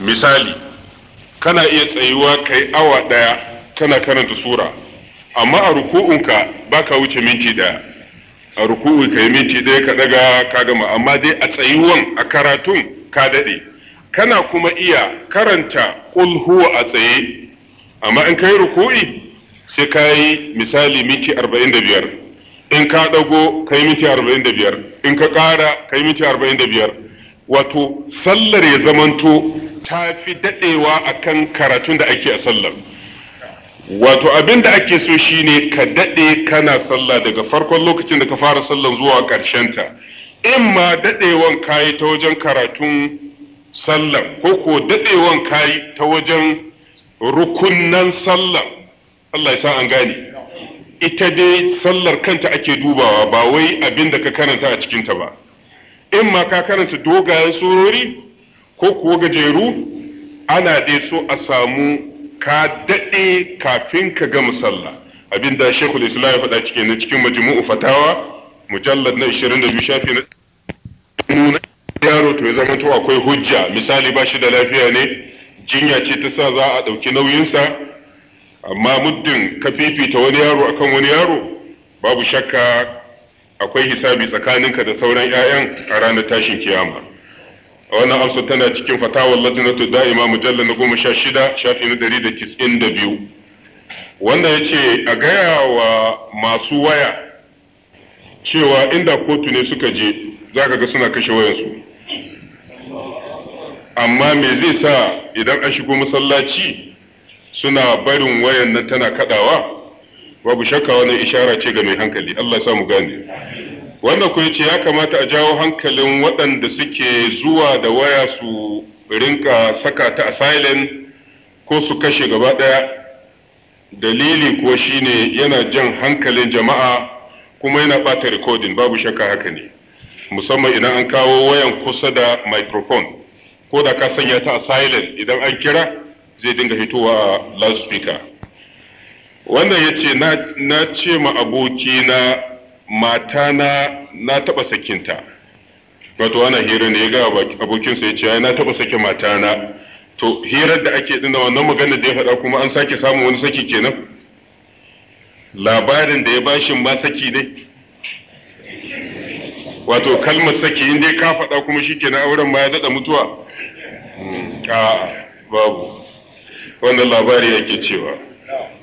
misali kana iya tsayuwa kai awa ɗaya kana karanta sura amma a ruku'unka baka wuce minti ɗaya a ruku'u ka yi minti ɗaya ka ɗaga ka gama amma dai a tsayuwan a karatun ka daɗe kana kuma iya karanta ƙul huwa a tsaye amma in ka ruku'i sai ka yi misali minti arba'in in ka ɗago ka yi minti arba'in in ka ƙara ka yi minti arba'in wato sallar ya zamanto ta fi daɗewa akan karatun da ake a sallar wato abin da ake so shine ka daɗe kana sallah daga farkon lokacin da ka fara sallan zuwa ta in ma daɗewan kayi ta wajen karatun sallan ko ko daɗewan kayi ta wajen rukunnan sallan Allah ya sa an gane ita dai sallar kanta ake dubawa ba wai abin da ka karanta a cikinta ba in ma ka karanta dogayen surori ko kuwa gajeru ana dai so a samu ka daɗe kafin ka ga musalla. abinda shekul islam ya faɗa cikin cikin majmu'u fatawa mujallad na 22 shafi na nuna yaro to ya zamanto akwai hujja misali ba shi da lafiya ne jinya ce ta sa za a ɗauki nauyinsa amma muddin ka fifita wani yaro akan wani yaro babu shakka akwai hisabi tsakaninka da sauran 'ya'yan a ranar tashin kiyama wannan amsa tana cikin fatawar lajinatu da'ima mujallar na goma sha shida shafi na ɗari da kitsin da biyu wanda ya ce a gaya wa masu waya cewa inda kotu ne suka je za ka ga suna kashe wayansu amma me zai sa idan an shigo masallaci suna barin wayan nan tana kadawa babu shakka wani ishara ce ga mai hankali Allah ya mu gane wanda ku ce ya kamata a jawo hankalin waɗanda suke zuwa da waya su rinka saka ta a silent ko su kashe gaba ɗaya dalili kuwa shine yana jan hankalin jama'a kuma yana ɓata recording babu shakka haka ne musamman idan an kawo wayan kusa da microphone ko da ka sanya ta a silent idan an kira zai dinga hitowa a loudspeaker wannan ya ce na ce ma abokina mata na na taɓa sakinta wato ana hira ne ya ga abokinsa ya ce na taɓa sake mata na to hirar da ake dinda wannan magana da ya faɗa kuma an sake samun wani saki kenan labarin da ya bashi ma saki ne wato kalmar saki in dai ka faɗa kuma shi kenan auren ma ya daɗa mutuwa hmm, a babu wannan labari yake cewa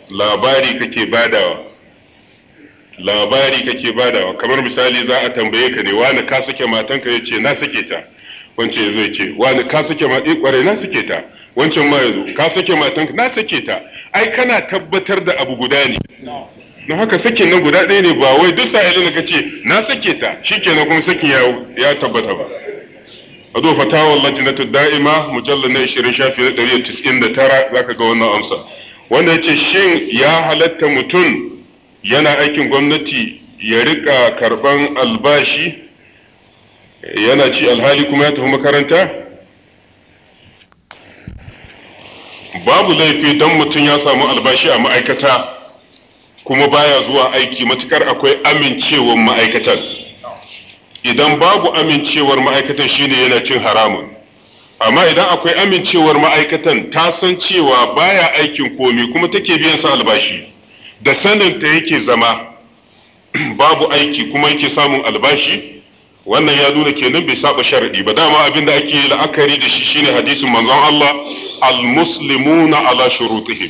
labari kake badawa labari kake badawa kamar misali za a tambaye ka ne wani ka sake matanka ya ce na sake ta wance ya zai ce wani ka sake matanka kware eh, na sake ta wancan ma ya ka sake matanka na sake ta ai kana tabbatar da abu guda ne Na haka sakin nan guda ɗaya ne ba wai duk sa'ilin da kace na sake ta shikenan kuma sakin ya ya tabbata ba a zo na lajinatu da'ima mujallar na 20 shafi na 199 zaka ga wannan amsa wanda ya ce shin ya halatta mutum yana aikin gwamnati ya rika karban albashi yana ci alhali kuma ya tafi makaranta babu laifi don mutum ya samu albashi a ma'aikata kuma baya zuwa aiki matukar akwai amincewar ma'aikatan idan babu amincewar ma'aikatan shine yana cin haramun amma idan akwai amincewar ma'aikatan ta san cewa baya aikin komi kuma take biyan sa albashi da saninta yake zama babu aiki kuma yake samun albashi wannan ya nuna kenan bai saba sharadi ba dama abin abinda ake la'akari da shi shine hadisin manzon Allah almuslimuna ala shurutihim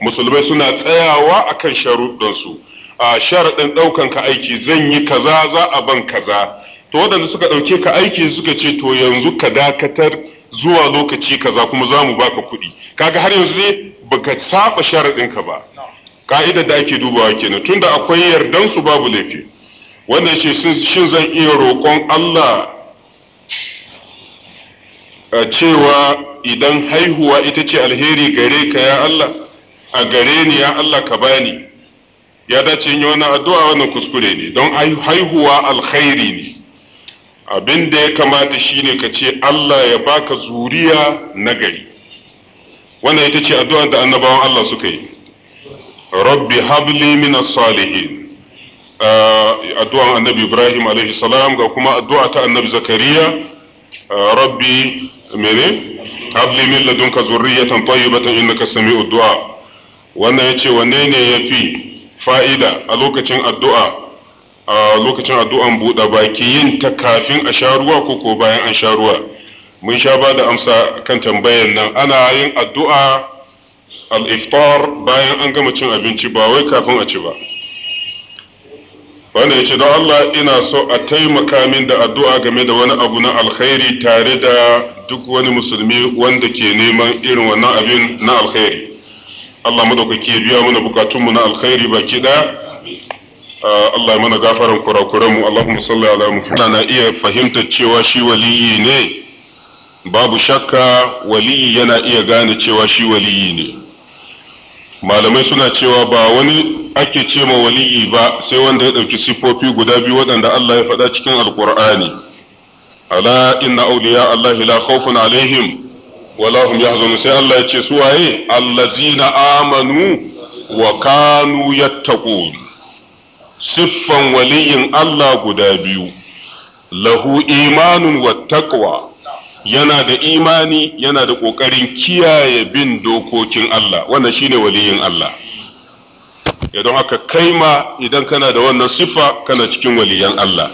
musulmai suna tsayawa akan sharuɗansu a sharaɗin ɗaukan ka aiki zan yi kaza za a ban kaza to waɗanda suka ɗauke ka aiki suka ce to yanzu ka dakatar zuwa lokaci kaza kuma za mu baka kuɗi kaga har yanzu ne baka saba sharaɗin ka ba ka'idar da ake dubawa kenan tunda akwai yardan su babu laifi wanda ce shin zan iya roƙon Allah a cewa idan haihuwa ita ce alheri gare ka ya Allah a gare ni ya Allah ka bani ya dace yin wani addu'a wannan kuskure ne don haihuwa alkhairi ne abin da ya kamata shine ka ce Allah ya baka zuriya nagari wannan ita ce addu'ar da annabawan Allah suka yi rabbi habli min salihin addu'an annabi ibrahim alaihi salam ga kuma addu'a ta annabi zakariya rabbi mene habli min ladunka zurriyatan tayyibatan innaka sami'ud du'a wannan yace wanne ne yafi fa'ida a lokacin addu'a a lokacin addu'an buɗe baki yin ta kafin a sha ruwa ko ko bayan an sha ruwa mun sha ba da amsa kan tambayar nan ana yin addu'a al bayan an gama cin abinci ba wai kafin a ci ba wanda ya ce don Allah ina so a taimaka min da addu'a game da wani abu na alkhairi tare da duk wani musulmi wanda ke neman irin wannan abin na alkhairi Allah madaukaki ya biya mana bukatunmu na alkhairi ba kiɗa. Ah, Allah ya mana gafaran kurakuranmu Allahumma salli ala Muhammad na iya fahimtar cewa shi waliyi ne babu shakka waliyi yana iya gane cewa shi waliyi ne malamai suna cewa ba wani ake ce ma waliyi ba sai wanda ya ɗauki sifofi guda biyu waɗanda Allah ya faɗa cikin alkur'ani ala inna awliya Allah la khawfun alaihim wala hum yahzanun sai Allah ya ce su waye allazina amanu wa kanu yattaqun siffan waliyin Allah guda biyu lahu imanun wa taqwa yana da imani yana da ƙoƙarin kiyaye bin dokokin Allah wannan shine waliyin Allah idan haka kai ma idan kana da wannan siffa kana cikin waliyan Allah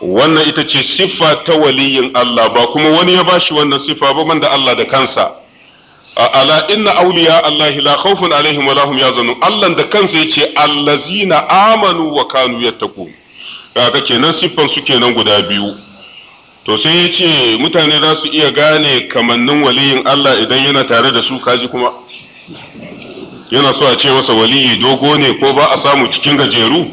wannan ita ce siffa ta waliyin Allah ba kuma wani ya bashi wannan siffa ba man da Allah da kansa ala inna awliya Allah la khawfun alaihim wa lahum yazanun Allah da kansa yace allazina amanu wa kanu yattaqun kaga kenan siffan su kenan guda biyu to sai ya ce mutane za su iya gane kamannin waliyin Allah idan yana tare da su kaji kuma yana so a ce masa waliyi dogo ne ko ba a samu cikin gajeru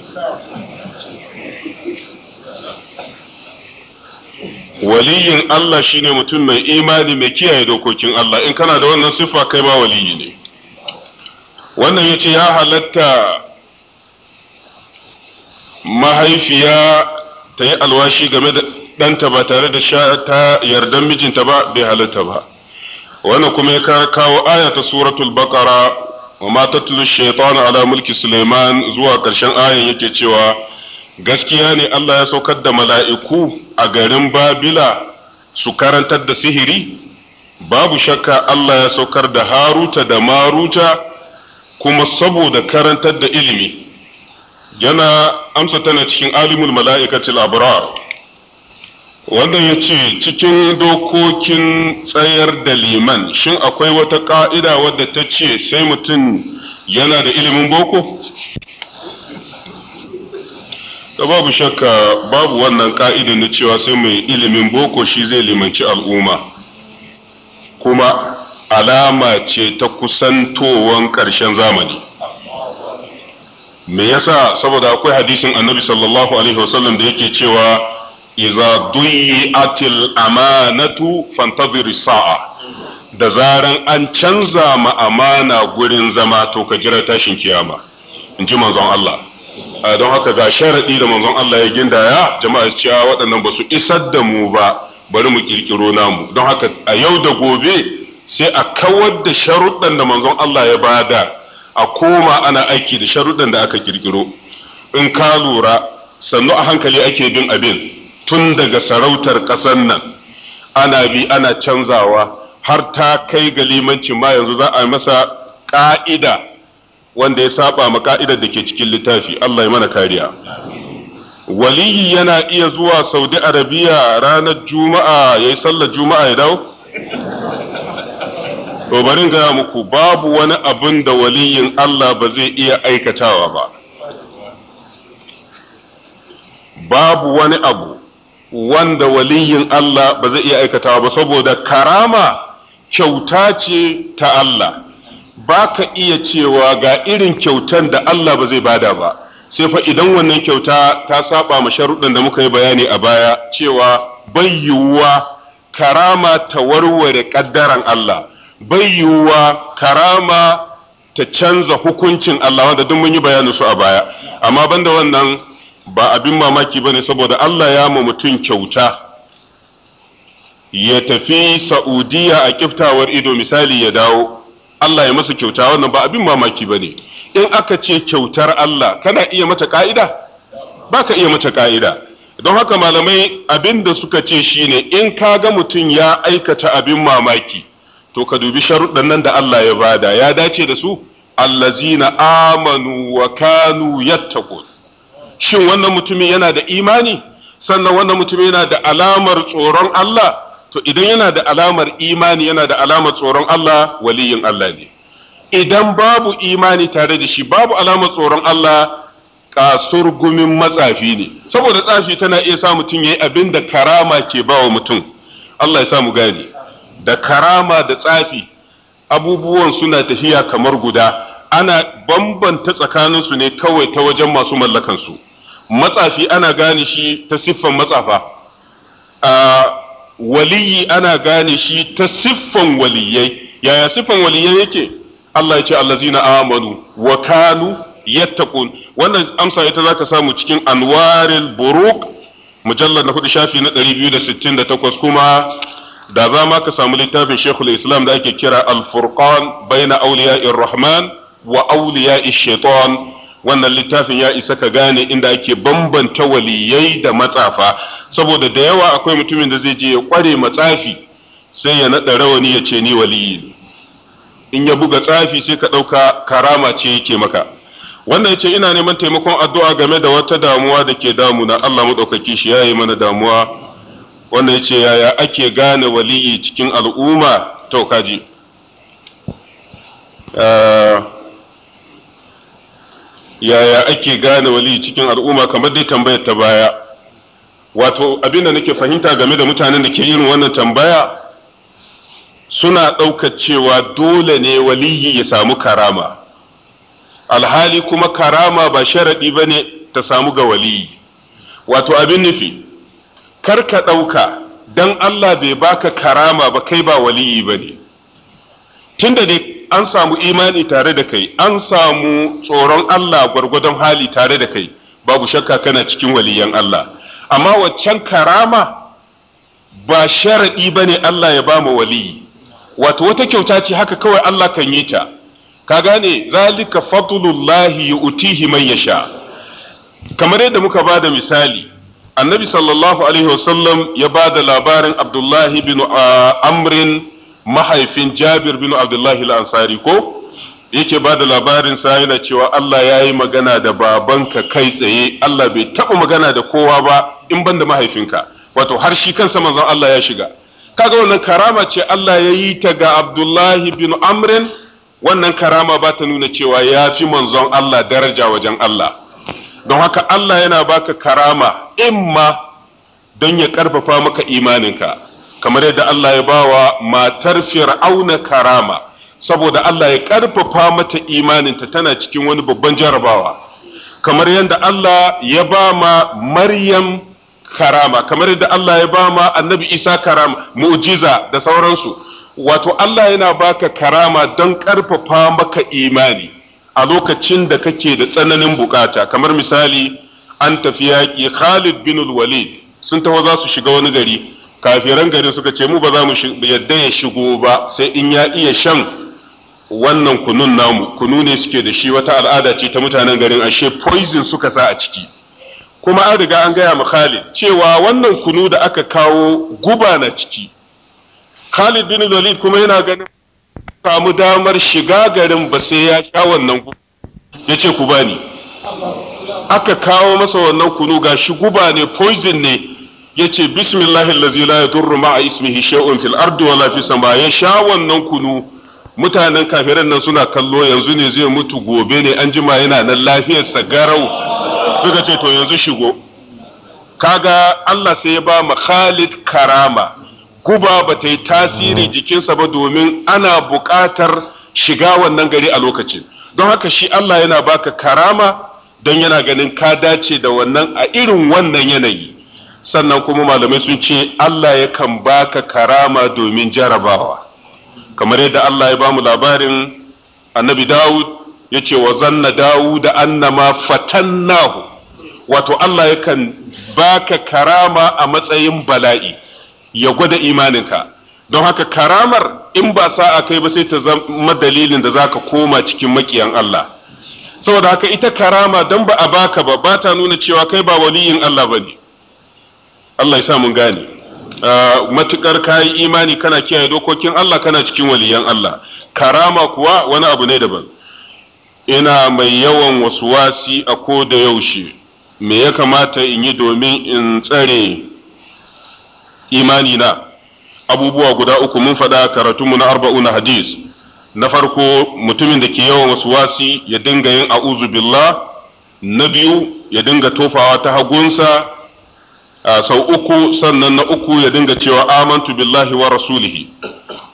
waliyin Allah shine mutum mai imani mai kiyaye dokokin Allah in kana da wannan siffa kai ma waliyi ne wannan ya ce ya halatta mahaifiya ta yi alwashi game da ɗanta ba tare da ta yardan mijinta ba bai halatta ba wannan kuma ya kawo aya ta suratul baqara wa ma tatlu shaytan ala mulki Suleiman zuwa ƙarshen ayan yake cewa gaskiya ne Allah ya saukar da mala'iku a garin babila su karantar da sihiri babu shakka Allah ya saukar da haruta da maruta kuma saboda karantar da ilimi yana amsa tana cikin alimul mala'ikatil abrar wannan ya ce cikin dokokin tsayar da liman shin akwai wata ƙa'ida wadda ta ce sai mutum yana da ilimin boko? da babu shakka babu wannan ka'idan na cewa sai mai ilimin boko shi zai limanci al'umma kuma alama ce ta kusantowan ƙarshen zamani me yasa saboda akwai hadisin annabi sallallahu alaihi wasallam da yake cewa idza atil amanatu fantazir sa'a da zaran an canza ma amana gurin zama to ka jira tashin kiyama in ji manzon Allah don haka ga sharadi da manzon Allah ya gindaya jama'a cewa waɗannan ba su isar da mu ba bari mu kirkiro namu don haka a yau da gobe sai a kawar da sharuɗan da manzon Allah ya bada a koma ana aiki da sharuɗan da aka kirkiro in ka lura sannu a hankali ake bin abin tun daga sarautar ƙasar nan ana bi ana canzawa har ta kai ga limancin ma yanzu za a masa ƙa'ida wanda ya saba ma ƙa'idar da ke cikin littafi Allah ya mana kariya waliyi yana iya zuwa saudi arabiya ranar juma'a ya yi sallar juma'a ya dawo to bari gaya muku babu wani abin da waliyin Allah ba zai iya aikatawa ba babu wani abu wanda waliyin Allah ba zai iya aikatawa ba saboda karama kyauta ce ta Allah ba ka iya cewa ga irin kyautan da Allah ba zai bada ba sai fa idan wannan kyauta ta saba ma sharuɗin da muka yi bayani a baya cewa bai yiwuwa karama ta warware ƙaddaran Allah bai yiwuwa karama ta canza hukuncin Allah wanda duk mun yi bayanin su a baya amma banda wannan ba abin mamaki bane saboda Allah ya ma mutum kyauta ya tafi Saudiya a kiftawar ido misali ya dawo Allah ya masa kyauta wannan ba abin mamaki bane in aka ce kyautar Allah kana iya mata ka'ida ba ka iya mata ka'ida don haka malamai abin da suka ce shine in ka ga mutum ya aikata abin mamaki to ka dubi sharuɗan nan da Allah ya bada ya dace da su allazina amanu wa kanu yattaqun shin wannan mutumin yana da imani sannan wannan mutumin yana da alamar tsoron Allah to idan yana da alamar imani yana da alamar tsoron Allah waliyin Allah ne idan babu imani tare da shi babu alamar tsoron Allah kasur gumin matsafi ne saboda tsafi tana iya sa mutum ya yi abin da karama ke ba mutum Allah ya sa mu gane da karama da tsafi abubuwan suna tafiya kamar guda ana bambanta tsakaninsu ne kawai ta wajen masu mallakansu matsafi ana gane shi ta siffan matsafa waliyi ana gane shi ta siffan waliyai yaya siffan waliyai yake Allah ya ce allazina amanu wa kanu yattaqun wannan amsa ita zaka samu cikin anwaril buruk mujallar na hudu shafi na 268 kuma da za ma ka samu littafin shekul islam da ake kira al-furqan bayna awliya'ir rahman wa awliya'ish shaitan wannan littafin ya isa ka gane inda ake bambanta waliyai da matsafa saboda da yawa akwai mutumin da zai je ya kware matsafi sai ya naɗa rawani ya ce ni waliyi in ya buga tsafi sai ka ɗauka karama ce yake maka wannan ce ina neman taimakon addu'a game da wata damuwa da ke damuna Allah mu maɗaukaki shi yayi mana damuwa wannan ya ce yaya ake gane waliyi cikin al'umma to kaji uh, ah, yaya ake gane wali cikin al'umma kamar dai tambayar ta baya wato abin da nake fahimta game da mutanen da ke irin wannan tambaya suna ɗaukar cewa dole ne waliyi ya samu karama alhali kuma karama ba sharaɗi ba ne ta samu ga waliyi wato abin nufi kar ka ɗauka don Allah bai baka karama ba kai ba waliyi ba ne tunda dai an samu imani tare da kai an samu tsoron Allah gwargwadon hali tare da kai babu shakka kana cikin waliyan Allah amma waccan karama ba sharaɗi ba ne Allah ya ba mu waliyi wato wata kyauta ce haka kawai Allah kan yi ta ka gane zalika fadlullahi yu'tihi man yasha kamar yadda muka ba da misali annabi sallallahu alaihi wasallam ya ba da labarin abdullahi bin ah, amrin mahaifin Jabir bin Abdullahi al-Ansari ko yake ba da labarin sa yana cewa Allah ya yi magana da babanka kai tsaye Allah bai taɓa magana da kowa ba in ban da mahaifinka wato har shi kansa manzon Allah ya shiga kaga wannan karama ce Allah ya yi ta ga Abdullahi bin Amrin wannan karama ba ta nuna cewa ya fi manzon Allah daraja wajen Allah don haka Allah yana baka karama imma don ya karfafa maka imaninka kamar yadda Allah ya bawa matar fir'auna karama saboda Allah ya karfafa mata imaninta tana cikin wani babban jarabawa kamar yadda Allah ya ba ma Maryam karama kamar yadda Allah ya ba ma Annabi Isa karama mu'jiza da sauransu wato Allah yana baka karama don karfafa maka imani a lokacin da kake da tsananin bukata kamar misali an tafi yaƙi Khalid bin Walid sun tawo za su shiga wani gari kafiran gari suka ce mu ba za mu yadda ya shigo ba sai in ya iya shan wannan kunun namu kunu ne suke da shi wata al'ada ce ta mutanen garin ashe poison suka sa a ciki kuma an riga an gaya ma Khalid cewa wannan kunu da aka kawo guba na ciki Khalid bin Walid kuma yana ganin samu damar shiga garin ba sai ya sha wannan ya ce ku bani aka kawo masa wannan kunu ga shi guba ne poison ne yace bismillahi allazi la yadurru ma'a ismihi shay'un fil ardi wala sama ya sha wannan kunu mutanen kafiran nan suna kallo yanzu ne zai mutu gobe ne an jima yana nan lafiyar sa garau suka ce to yanzu shigo kaga Allah sai ya ba mu Khalid karama guba ba ta yi tasiri mm. jikinsa ba domin ana buƙatar shiga wannan gari a lokaci. don haka shi Allah yana baka karama don yana ganin ka dace da wannan a irin wannan yanayi sannan kuma malamai sun ce Allah yakan baka karama domin jarabawa kamar yadda Allah ya bamu labarin annabi Dawud ya ce wa zanna Dawud annama fatannahu wato Allah yakan baka karama a matsayin bala'i ya gwada imaninka don haka karamar in ba sa'a kai ba sai ta zama dalilin da zaka koma cikin makiyan Allah saboda haka ita karama don ba a baka ba ba ta nuna cewa kai ba waliyin Allah bane. Allah ya sa mun gane ah, matukar kayi imani kana kiyaye dokokin Allah kana cikin waliyan Allah karama kuwa wani abu ne daban ina mai yawan wasuwasi a ko da yaushe me ya kamata in yi domin in tsare imani na abubuwa guda uku mun faɗa karatunmu na na hadis na farko mutumin da ke yawan wasi ya dinga yin a'uzu billah na biyu ya dinga tofawa ta hagunsa Ah, sau uku sannan na uku ya dinga cewa amantu billahi wa rasulihi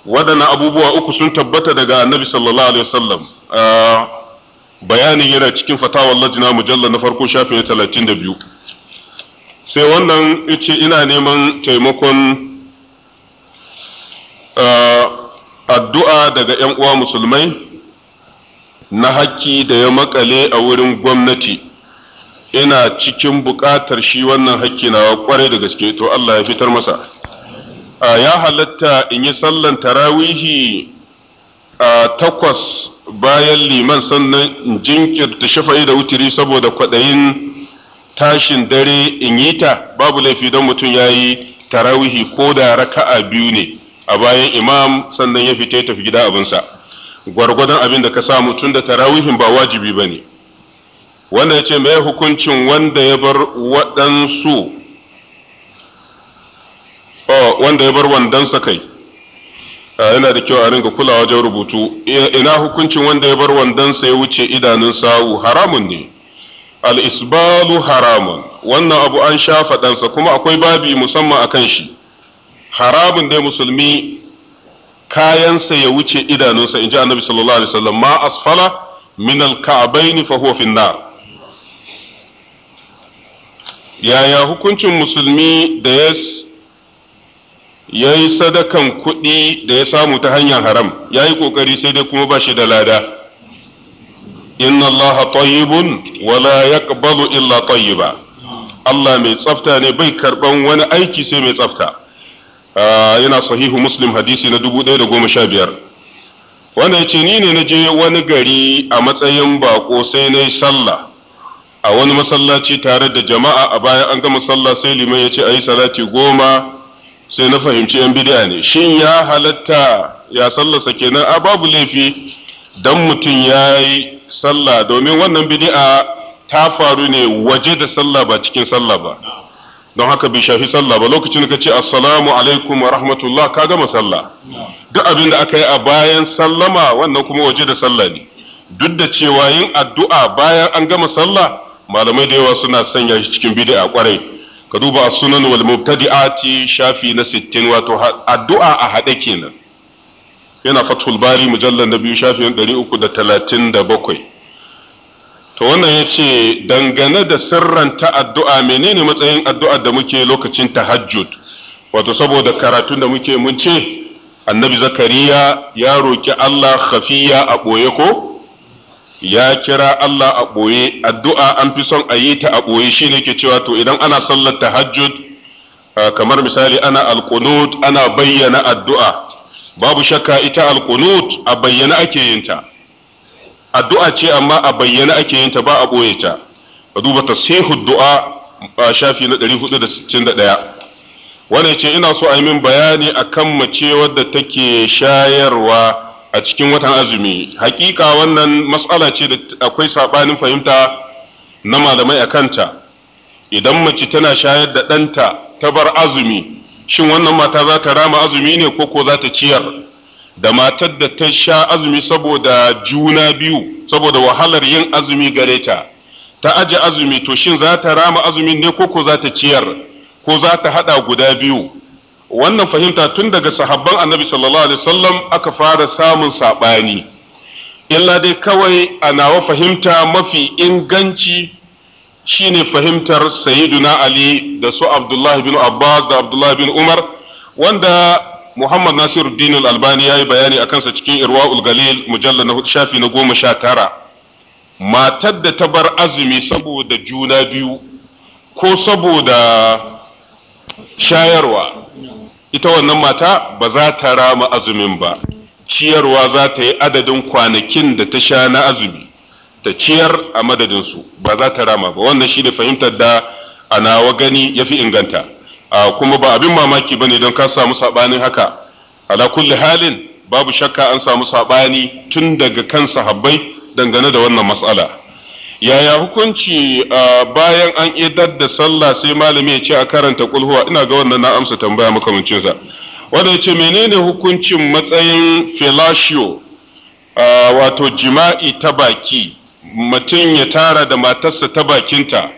waɗannan abubuwa uku sun tabbata daga annabi sallallahu alaihi wasallam ah, bayanin yana cikin fatawar lajina mujallar na farko da biyu. sai wannan yace ina neman taimakon ah, addu'a daga 'yan uwa musulmai na haƙƙi da ya makale a wurin gwamnati ina cikin buƙatar shi wannan hakki nawa kwarai da gaske to Allah ya fitar masa ya halatta in yi sallan tarawihi a takwas bayan liman sannan in jinkirta shafa'i da wutiri saboda kwaɗayin tashin dare in yi ta babu laifi don mutum ya yi tarawihi ko da raka'a biyu ne a bayan imam sannan ya fita ya tafi gida abinsa gwargwadon abin da ka samu tun da tarawihin ba wajibi ba ne wanda ya ce mai hukuncin wanda ya bar waɗansu wanda ya bar kai yana da kyau a ringa kula wajen rubutu ina hukuncin wanda ya bar wandansa ya wuce idanun sawu haramun ne al-isbalu haramun wannan abu an sha faɗansa kuma akwai babi musamman a kan shi haramun dai musulmi kayansa ya wuce idanunsa in ji annabi sallallahu alaihi wasallam ma asfala min al-ka'baini fa huwa fi nar yaya hukuncin musulmi da ya yi sadakan kuɗi da ya samu ta hanyar haram ya yi ƙoƙari sai dai kuma ba shi da lada inna allaha tayyibun wala yaqbalu illa tayyiba Allah mai tsafta ne bai karɓan wani aiki sai mai tsafta ah, yana sahihu muslim hadisi na biyar. wanda ya ce ni ne na je wani gari a matsayin bako sai na yi sallah a wani masallaci tare da jama'a a baya an gama sallah sai liman ya ce a yi salati goma sai na fahimci yan bidiya ne shin ya halatta ya sallarsa kenan a babu laifi dan mutum ya yi sallah domin wannan bidi'a ta faru ne waje da sallah ba cikin sallah ba don haka bai shafi sallah ba lokacin ka ce assalamu alaikum wa rahmatullah ka gama sallah duk abin da aka yi a bayan sallama wannan kuma waje da sallah ne duk da cewa yin addu'a bayan an gama sallah malamai da yawa suna sanya shi cikin bid'a kwarai ka duba sunan wal mubtadi'ati shafi na 60 wato addu'a a hade kenan yana fathul bari mujallal na biyu shafi 337 to wannan yace dangane da sirran ta addu'a menene matsayin addu'a da muke lokacin tahajjud wato saboda karatun da muke mun ce annabi zakariya ya roki Allah khafiya a ɓoye ko ya kira Allah a ɓoye addu'a an fi son a yi ta a ɓoye shi ne ke cewa to idan ana sallar tahajjud kamar misali ana alkunut ana bayyana addu'a babu shakka ita alkunut a bayyana ake yin ta addu'a ce amma a bayyana ake yin ta ba a ɓoye ta ka duba tasihud du'a a shafi na 461 wannan ce ina so a yi min bayani akan mace wadda take shayarwa a cikin watan azumi hakika wannan matsala ce da akwai saɓanin fahimta na malamai a kanta idan mace tana shayar da ɗanta ta bar azumi shin wannan mata za ta rama azumi ne ko ko za ta ciyar da matar da ta sha azumi saboda juna biyu saboda wahalar yin azumi gare ta ta aje azumi to shin za ta rama azumin ne ko ko za ta ciyar ko za ta haɗa guda biyu wannan fahimta tun daga sahabban annabi sallallahu alaihi wasallam aka fara samun saɓani illa dai kawai a nawa fahimta mafi inganci shine fahimtar sayyiduna ali da su abdullahi bin abbas da abdullahi bin umar wanda muhammad nasiruddin al-albani ya yi bayani a kansa cikin irwa'ul galil mujalla na shafi na goma sha tara matar da ta bar azumi saboda juna biyu ko saboda shayarwa ita wannan mata ba za ta rama azumin ba ciyarwa za ta yi adadin kwanakin da ta sha na azumi ta ciyar a madadinsu ba za ta rama ba wannan shi ne fahimtar da a nawa gani ya fi inganta kuma ba abin mamaki ba ne don ka samu saɓanin haka ala kulli halin babu shakka an samu saɓani tun daga kan sahabbai dangane da wannan matsala yaya hukunci bayan an idar da sallah sai malami ya ce a karanta kulhuwa ina ga wannan na amsa tambaya makamancinsa wanda ya ce menene hukuncin matsayin felatio wato jima'i ta baki mutum ya tara da matarsa ta bakinta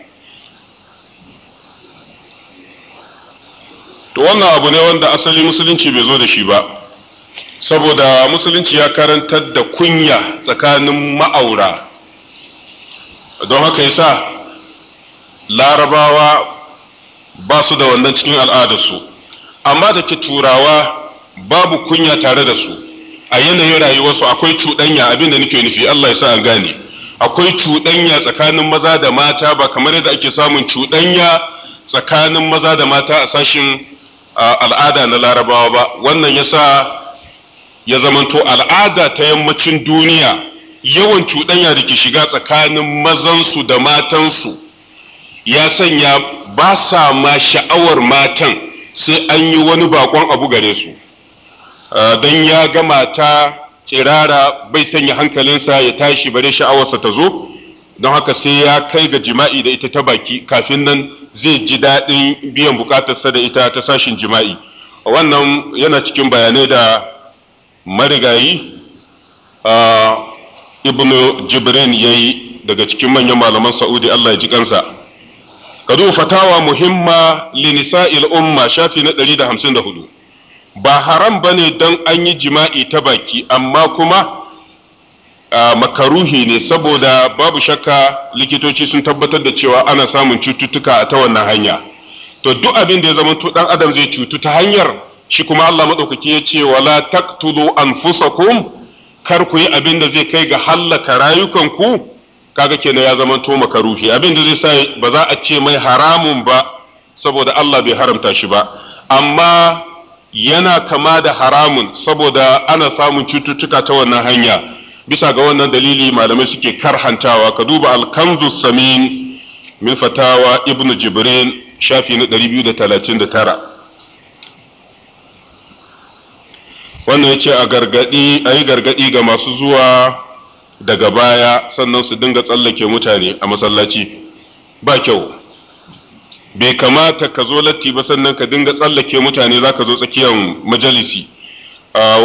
to wannan abu ne wanda asali musulunci bai zo da shi ba saboda musulunci ya karantar da kunya tsakanin ma'aura don haka yasa larabawa ba su da wannan cikin al'adarsu amma da ke turawa babu kunya tare da su a yanayin rayuwarsu akwai cuɗanya abinda nake nufi Allah ya sa an gane akwai cuɗanya tsakanin maza da mata ba kamar yadda ake samun cuɗanya tsakanin maza da mata a sashin al'ada na larabawa ba wannan yasa ya zamanto al'ada ta yammacin duniya yawan cuɗanya da ke shiga tsakanin mazansu da matansu ya sanya ba sa ma sha'awar matan sai an yi wani bakon abu gare su don ya ga mata tsirara bai sanya hankalinsa ya tashi bare sha'awarsa ta zo don haka sai ya kai ga jima'i da ita ta baki kafin nan zai ji daɗin biyan bukatarsa da ita ta sashin jima'i wannan yana cikin bayanai da marigayi ibnu jibrin ya yi daga cikin manyan malaman sa'udi allah ya ji kansa kadu fatawa muhimma linisa'il umma shafi na 154 ba haram ba ne don an yi jima'i ta baki amma kuma makaruhi ne saboda babu shakka likitoci sun tabbatar da cewa ana samun cututtuka a ta wannan hanya to duk abin da ya zama dan adam zai cutu ta hanyar shi kuma Allah maɗaukaki ya ce wala taqtulu anfusakum kar ku yi abin da zai kai ga hallaka rayukanku kaga kenan ya zama to makaruhi abin da zai sa ba za a ce mai haramun ba saboda Allah bai haramta shi ba amma yana kama da haramun saboda ana samun cututtuka ta wannan hanya bisa ga wannan dalili malamai suke karhantawa ka duba alkanzu samin min fatawa ibnu jibrin shafi na 239 wannan ya ce a a yi gargaɗi ga masu zuwa daga baya sannan su dinga tsallake mutane a masallaci ba kyau bai kamata ka zo latti ba sannan ka dinga tsallake mutane za ka zo tsakiyar majalisi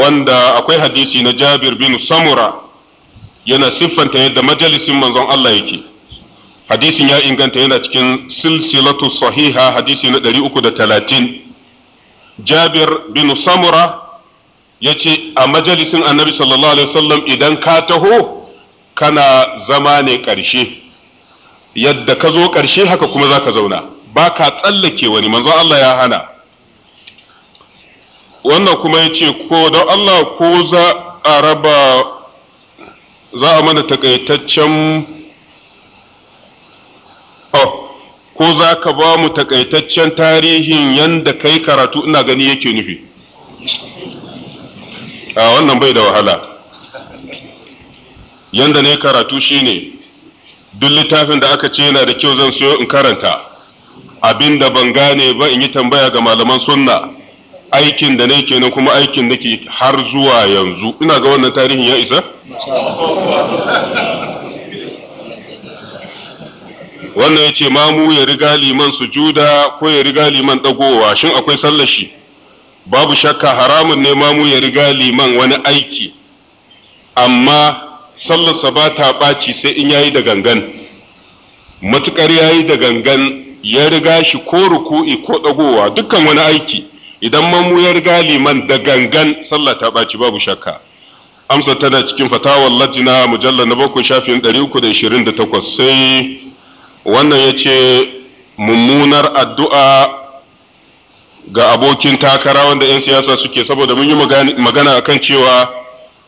wanda akwai hadisi na jabir bin samura yana siffanta yadda majalisin manzon Allah yake hadisin ya inganta yana cikin silsilatu sahiha hadisi na 330 jabir bin samura ya ce a majalisin annabi sallallahu alaihi wasallam idan ka taho kana zama ne ƙarshe yadda ka zo ƙarshe haka kuma za ka zauna ba ka tsallake wani manzo Allah ya hana wannan kuma ya ce ko don Allah ko za a raba za a mana takaitaccen oh, ko za ka ba mu takaitaccen tarihin yadda ka karatu ina gani yake nufi a wannan bai da wahala yanda ne karatu shine duk littafin da aka ce yana da kyau zan siyo in karanta abin da ban gane ba in yi tambaya ga malaman sunna aikin da nake kenan kuma aikin nake har zuwa yanzu ina ga wannan tarihin ya isa wannan ya ce mamu ya riga liman sujuda ko ya riga liman dagowa shin akwai sallashi babu shakka haramun ne ma mu ya riga liman wani aiki amma sallarsa ba ta ɓaci sai in yayi da gangan matuƙar yayi da gangan ya riga shi ko ruku'i ko ɗagowa dukkan wani aiki idan mu ya riga liman da gangan sallah ta ɓaci babu shakka amsa tana cikin fatawar latina mujallar na bakwai shafin 328 sai wannan ya ce mummunar addu'a ga abokin takara wanda 'yan siyasa suke saboda mun yi magana kan cewa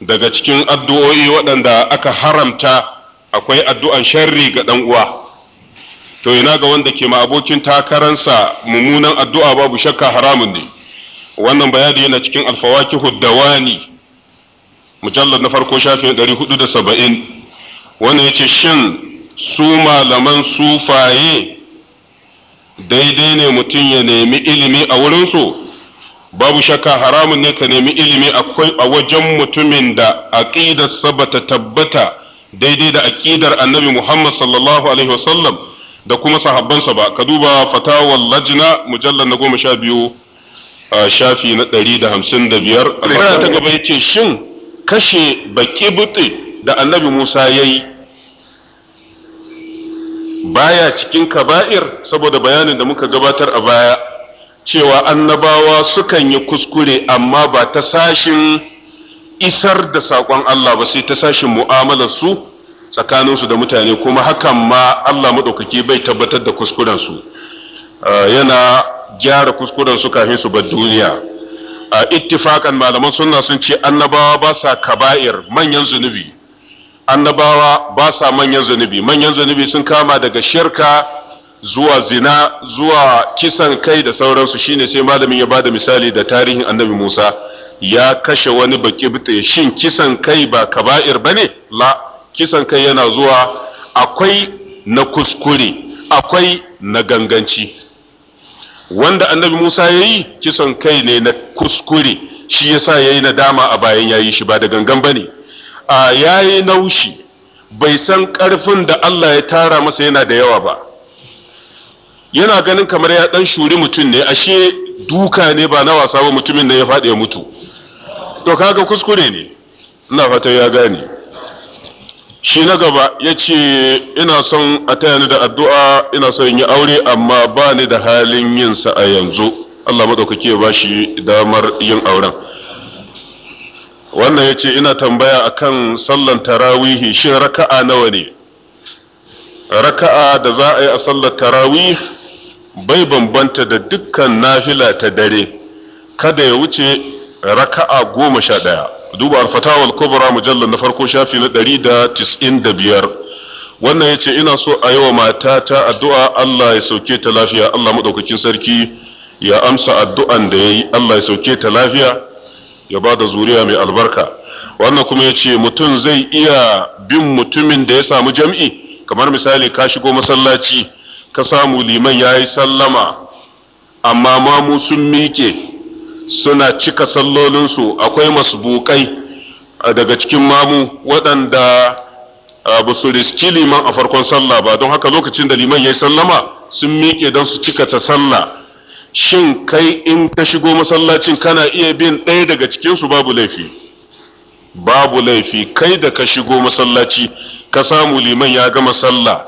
daga cikin addu'o'i waɗanda aka haramta akwai addu'an sharri ga ɗan uwa to ina ga wanda ke ma abokin takaransa mummunan addu'a babu shakka haramun ne wannan bayani yana cikin alfawaki Wani. mujallar na farko shafin 470 wannan ya ce shin su malaman sufaye daidai ne mutum ya nemi ilimi a wurinsu babu shakka haramun ne ka nemi ilimi a wajen mutumin da aƙidarsa ba ta tabbata daidai da aƙidar annabi muhammad sallallahu alaihi wasallam da kuma sahabbansa ba ka duba fatawar lajina mujallar na goma sha biyu shafi na ɗari da hamsin da biyar ta gaba ya ce shin kashe baki buɗe da annabi musa ya yi baya cikin kaba'ir saboda bayanin da muka gabatar a baya cewa annabawa sukan yi kuskure amma ba ta sashin isar da saƙon Allah ba sai ta sashin mu'amalar su tsakaninsu da mutane kuma hakan ma Allah maɗaukaki bai tabbatar da kuskuren su yana gyara kuskuren su kafin su bar duniya ittifakan malaman sunna sun ce annabawa ba sa kaba'ir manyan zunubi annabawa ba sa manyan zunubi manyan zunubi sun kama daga shirka zuwa zina zuwa kisan kai da sauransu shine sai malamin ya bada misali da tarihin annabi Musa ya kashe wani baki shin kisan kai ba kaba'ir bane la kisan kai yana zuwa akwai na kuskure akwai na ganganci wanda annabi Musa ya yi kisan kai ne na kuskure shi yasa ya yi nadama a bayan ya yi shi ba da gangan ba ne A yayi naushi bai san karfin da Allah ya tara masa yana da yawa ba yana ganin kamar ya ɗan shuri mutum ne ashe duka ne ba na wasa ba mutumin ne ya faɗi ya mutu to kaga kuskure ne ina fata ya gane shi na gaba ya ce ina son a taya ni da addu'a ina son yi aure amma ba ni da halin yinsa a yanzu Allah maɗaukaki ya ba shi damar yin auren wannan ya ce ina tambaya akan sallan tarawihi shin raka'a nawa ne raka'a da za a yi a sallar tarawih bai bambanta da dukkan nafila ta dare kada ya wuce raka'a goma sha ɗaya duba alfatawal kubra mujallar na farko shafi na ɗari da tis'in da biyar wannan ya ce ina so a yi wa matata addu'a allah ya sauke ta lafiya allah maɗaukakin sarki ya amsa addu'an da ya yi allah ya sauke ta lafiya ya ba da zuriya mai albarka wannan kuma ya ce mutum zai iya bin mutumin da ya samu jam'i kamar misali ka shigo masallaci ka samu liman ya yi sallama amma mamu sun miƙe suna cika sallolinsu akwai masbukai daga cikin mamu waɗanda ba su riski liman a farkon sallah ba don haka lokacin da liman ya yi sallama sun miƙe don su cika ta sallah shin kai in ka shigo masallacin kana iya bin ɗaya daga cikinsu babu laifi babu laifi kai da ka shigo masallaci ka samu liman ya gama sallah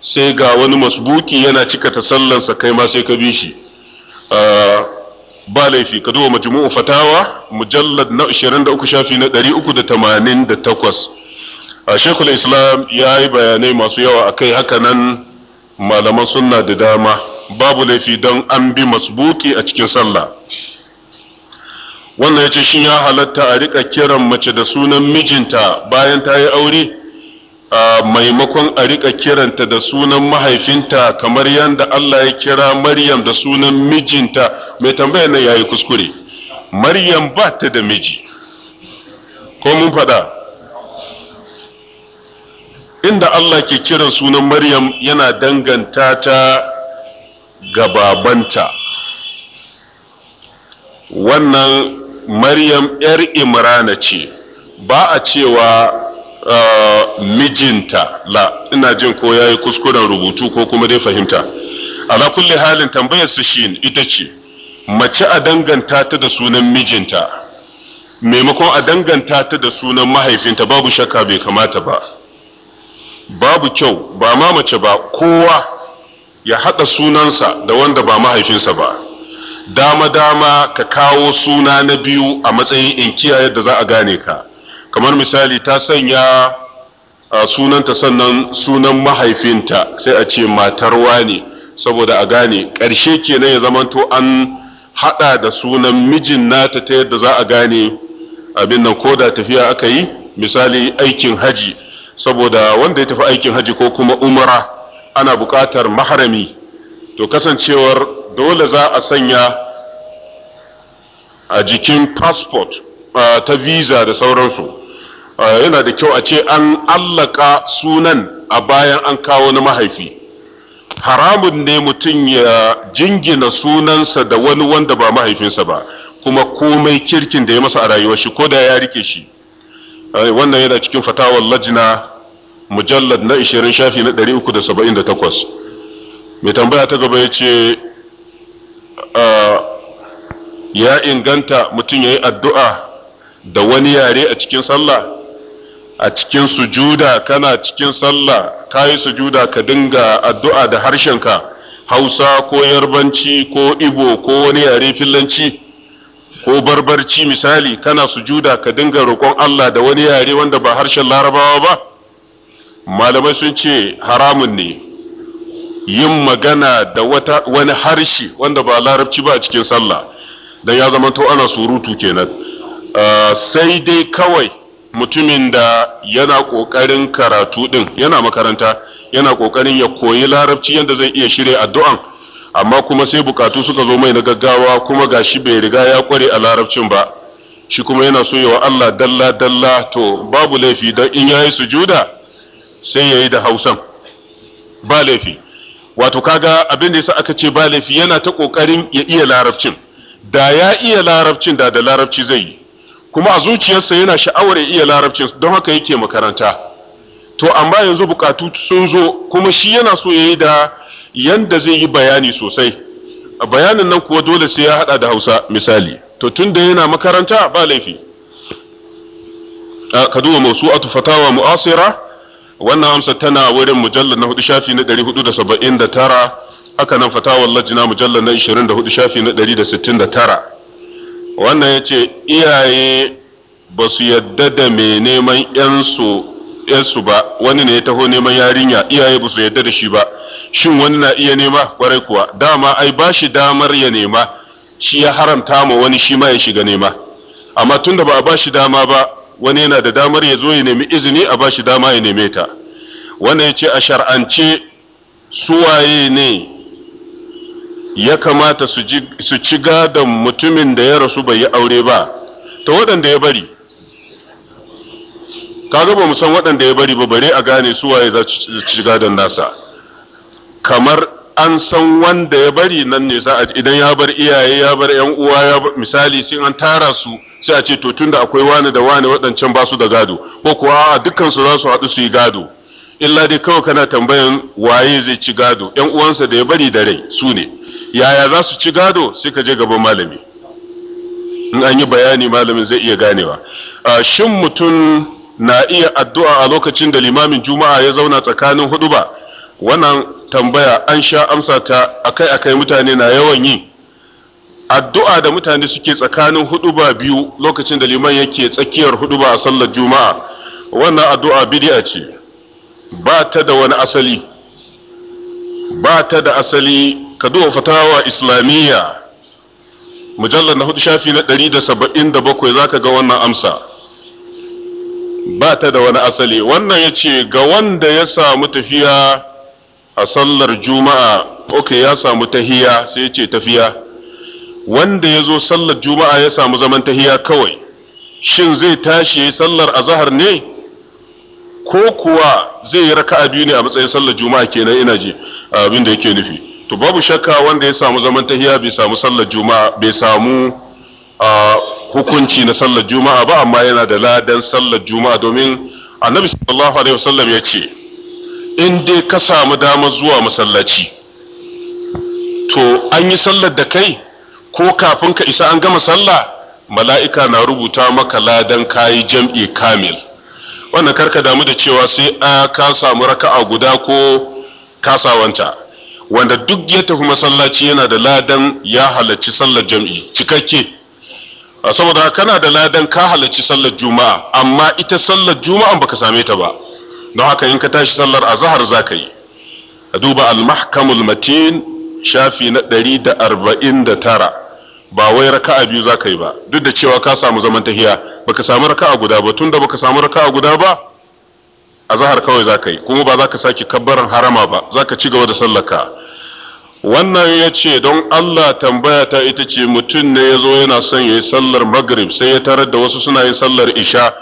sai ga wani masbuki yana cika ta sallansa kai ma sai ka bi shi ah, ba laifi ka duba majmu'u fatawa mujallad na 23 shafi na 388 a shekul islam ya yi bayanai masu yawa akai haka nan malaman sunna da dama babu laifi don an bi masbuki a cikin sallah wannan ya ce shin ya halatta a rika kiran mace da sunan mijinta bayan ta yi aure maimakon a rika kiranta da sunan mahaifinta kamar yadda Allah ya kira Maryam da sunan mijinta mai tambaya nan yayi kuskure Maryam ba ta da miji ko mun faɗa inda Allah ke kiran sunan Maryam yana danganta ta Gababanta. wannan maryam yar imrana ce ba a cewa uh, mijinta la ina jin ko yayi kuskuren rubutu ko kuma dai fahimta ala kulli halin tambayar su shi ita ce mace a danganta ta da sunan mijinta maimakon a danganta ta da sunan mahaifinta babu shakka bai kamata ba babu kyau ba ma mace ba kowa ya haɗa sunansa da wanda ba mahaifinsa ba dama-dama ka kawo suna na biyu a matsayin inkiya yadda za a gane ka kamar misali ta sanya sunanta sannan sunan mahaifinta sai a ce matarwa ne saboda a gane ƙarshe kenan ya zamanto an haɗa da sunan mijin nata ta yadda za a gane abin nan ko da tafiya aka yi misali aikin haji saboda wanda ya tafi aikin haji ko kuma umara ana buƙatar maharami to kasancewar dole za a sanya a jikin passport ta visa da sauransu yana da kyau a ce an allaka sunan a bayan an kawo na mahaifi haramun ne mutum ya jingina sunansa da wani wanda ba mahaifinsa ba kuma komai kirkin da ya masa a rayuwar shi ko da ya rike shi wannan yana cikin fatawar lajina mujallad na 20 shafi na 378 mai tambaya ta gaba ya ce ya inganta mutum ya yi addu'a da wani yare a cikin sallah a cikin sujuda kana cikin sallah ka yi sujuda ka dinga addu'a da harshenka hausa ko yarbanci ko ibo ko wani yare filanci ko barbarci misali kana sujuda ka dinga roƙon allah da wani yare wanda ba harshen larabawa ba malamai sun ce haramun ne yin magana da wata wani harshe wanda ba larabci ba a cikin sallah dan ya zama to ana surutu kenan ah, sai dai kawai mutumin da yana ƙoƙarin karatu ɗin yana makaranta yana ƙoƙarin ya koyi larabci yadda zai iya shirya addu'an amma kuma sai bukatu suka zo mai na gaggawa kuma gashi bai riga ya kware a larabcin ba shi kuma yana so wa Allah dalla dalla to babu laifi dan in yayi sujuda sai ya yi da hausan ba laifi wato kaga abin da yasa aka ce ba laifi yana ta kokarin ya iya larabcin da ya iya larabcin da da larabci zai yi kuma a zuciyarsa yana sha'awar ya iya larabcin don haka yake makaranta to amma yanzu bukatu sun zo kuma shi yana so ya yi da yanda zai yi bayani sosai bayanin nan kuwa dole sai ya hada da hausa misali to tun yana makaranta ba laifi ka duba masu fatawa mu'asira wannan amsa tana wurin mujallar na hudu shafi na da saba'in tara haka nan fatawar lajina mujallar na ishirin da hudu shafi na da da sittin tara. wannan ya ce iyaye ba su yadda da mai neman yansu ba wani ne ya taho neman yarinya iyaye ba su yadda da shi ba shin wani na iya nema kwarai kuwa dama ai ba shi damar ya nema shi ya haramta ma wani shi ma ya shiga nema amma tunda ba a ba shi dama ba wani yana da damar ya zo ya nemi izini a bashi dama ya neme ta wanda ya ce a shar'ance waye ne ya kamata su ci gadon mutumin da ya rasu bai yi aure ba ta waɗanda ya bari kaga ba mu san waɗanda ya bari ba bare a gane suwaye za su ci gadon nasa kamar an san wanda ya bari nan ne sa idan ya bar iyaye ya bar yan uwa ya misali sai an tara su sai a ce to tunda akwai wani da wani waɗancan ba su da gado ko kuwa a dukkan su za su haɗu su yi gado illa dai kawai kana tambayan waye zai ci gado yan uwansa da ya bari da rai su ne yaya za su ci gado sai ka je gaban malami in an yi bayani malamin zai iya ganewa shin mutum na iya addu'a a lokacin da limamin juma'a ya zauna tsakanin hudu ba wannan tambaya an sha amsa ta akai-akai mutane na yawan yi addu'a da mutane suke tsakanin huduba biyu lokacin da liman yake tsakiyar huduba a sallar juma'a wannan addu'a bid'a ce ba ta da wani asali ba ta da asali ka duba fatawa islamiyya mujallar na hudu shafi na 177 zaka ga wannan amsa ba ta da wani asali wannan ya ce ga wanda ya samu tafiya a sallar juma'a ok ya samu tahiya sai ce tafiya wanda ya zo sallar juma'a ya samu zaman tahiya kawai shin zai tashi ya yi sallar azahar ne ko kuwa zai yi raka'a biyu ne a matsayin sallar juma'a kenan ina ji abin da yake nufi to babu shakka wanda ya samu zaman tahiya bai samu sallar juma'a bai samu hukunci na sallar juma'a ba amma yana da ladan sallar juma'a domin annabi sallallahu alaihi wasallam ya ce in dai ka samu damar zuwa masallaci to an yi sallar da kai ko kafin ka isa an gama sallah mala'ika na rubuta maka ladan kayi jam'i kamil wannan karka damu da cewa sai a ka samu raka'a guda ko kasawanta wanda duk ya tafi masallaci yana da ladan ya halarci sallar jam'i cikakke saboda kana da ladan ka halarci sallar juma'a amma ita sallar juma'an baka same ta ba don haka in ka tashi sallar zahar za ka yi a duba al-mahkamul matin shafi na 149 ba wai raka'a biyu za ka yi ba duk da cewa ka samu zaman tahiya baka samu raka'a guda ba tunda baka samu raka'a guda ba zahar kawai za ka yi kuma ba za ka sake kabbaran harama ba za ka ci gaba da sallaka wannan ya ce don Allah tambaya ta ita ce mutum ne ya zo yana son ya yi sallar maghrib sai ya tarar da wasu suna yin sallar isha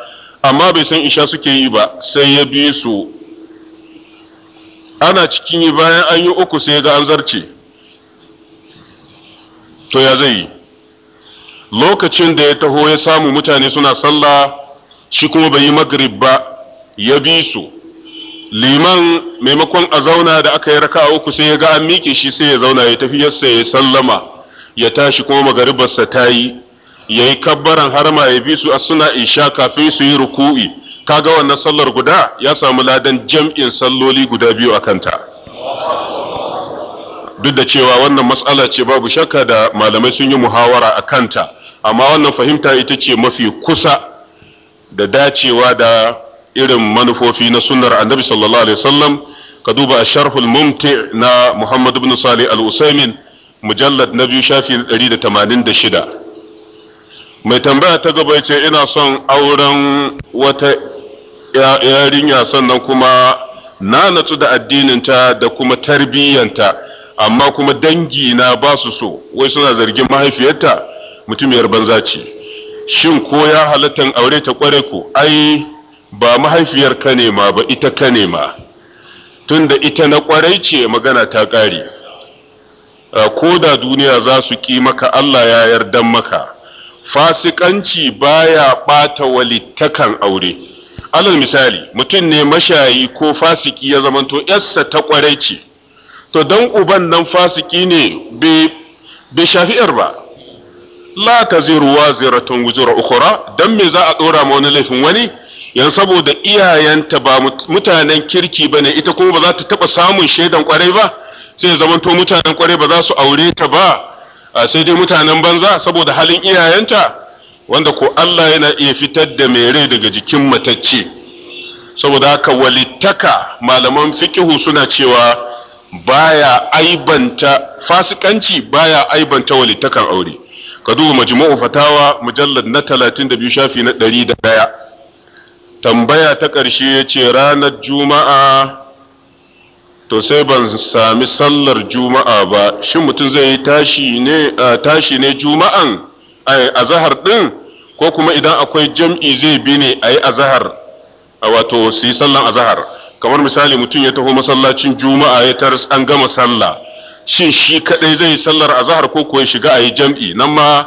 amma bai san isha suke yi ba sai ya bi su ana cikin yi bayan an yi uku sai ga an zarce to ya zai lokacin da ya taho ya samu mutane suna sallah shi kuma bai yi magrib ba ya bi su liman maimakon a zauna da aka yi raka uku sai ya ga an miƙe shi sai ya zauna ya tafi yassa ya sallama ya tashi kuma magaribarsa ta yi yayi kabbaran harma ya bi su a suna isha kafin su yi ruku'i kaga wannan sallar guda ya samu ladan jam'in salloli guda biyu a kanta duk da cewa wannan matsala ce babu shakka da malamai sun yi muhawara a kanta amma wannan fahimta ita ce mafi kusa da dacewa da irin manufofi na sunnar annabi sallallahu alaihi wasallam ka duba sharhul mumti na muhammad ibn salih al-usaimin mujallad na biyu shafi 186 mai tambaya ta gaba ce ina son auren wata yarinya sannan kuma na natsu da addininta da kuma tarbiyyanta amma kuma dangi na ba su so wai suna zargin mahaifiyarta mutumiyar banza ce shin ko ya halatta aure ta kware ko ai ba mahaifiyar ka ne ma ba ita ka ne ma Tun da ita na kwarai ce magana ta ƙare ko da duniya za su ƙi maka Allah ya yardan maka fasikanci baya ɓata walittakan aure alal misali mutum ne mashayi ko fasiki ya zamanto yarsa ta kwarai ce to dan uban nan fasiki ne bai shafi'ar ba la ta ziruwa ziratun wuzura ukura don me za a ɗora ma wani laifin wani yan saboda iyayenta ba mutanen kirki ba ne ita kuma ba za ta taɓa samun shaidan kwarai ba sai zamanto mutanen kwarai ba za su aure ta ba A sai dai mutanen banza saboda halin iyayenta wanda ko Allah yana iya fitar da mai rai daga jikin matacce saboda haka walittaka malaman fikihu suna cewa baya aibanta fasikanci baya aibanta walittakan aure ka duba majmu'u fatawa mujallad na 32 shafi na 101 tambaya ta ƙarshe yace ranar juma'a to sai ban sami sallar juma'a ba shin mutum zai yi tashi ne tashi ne juma'an a zahar din ko kuma idan akwai jam'i zai bi ne a yi azahar wato su yi sallan azahar kamar misali mutum ya taho masallacin juma'a ya taras an gama sallah shin shi kadai zai yi sallar azahar ko kuwa shiga a yi jam'i nan ma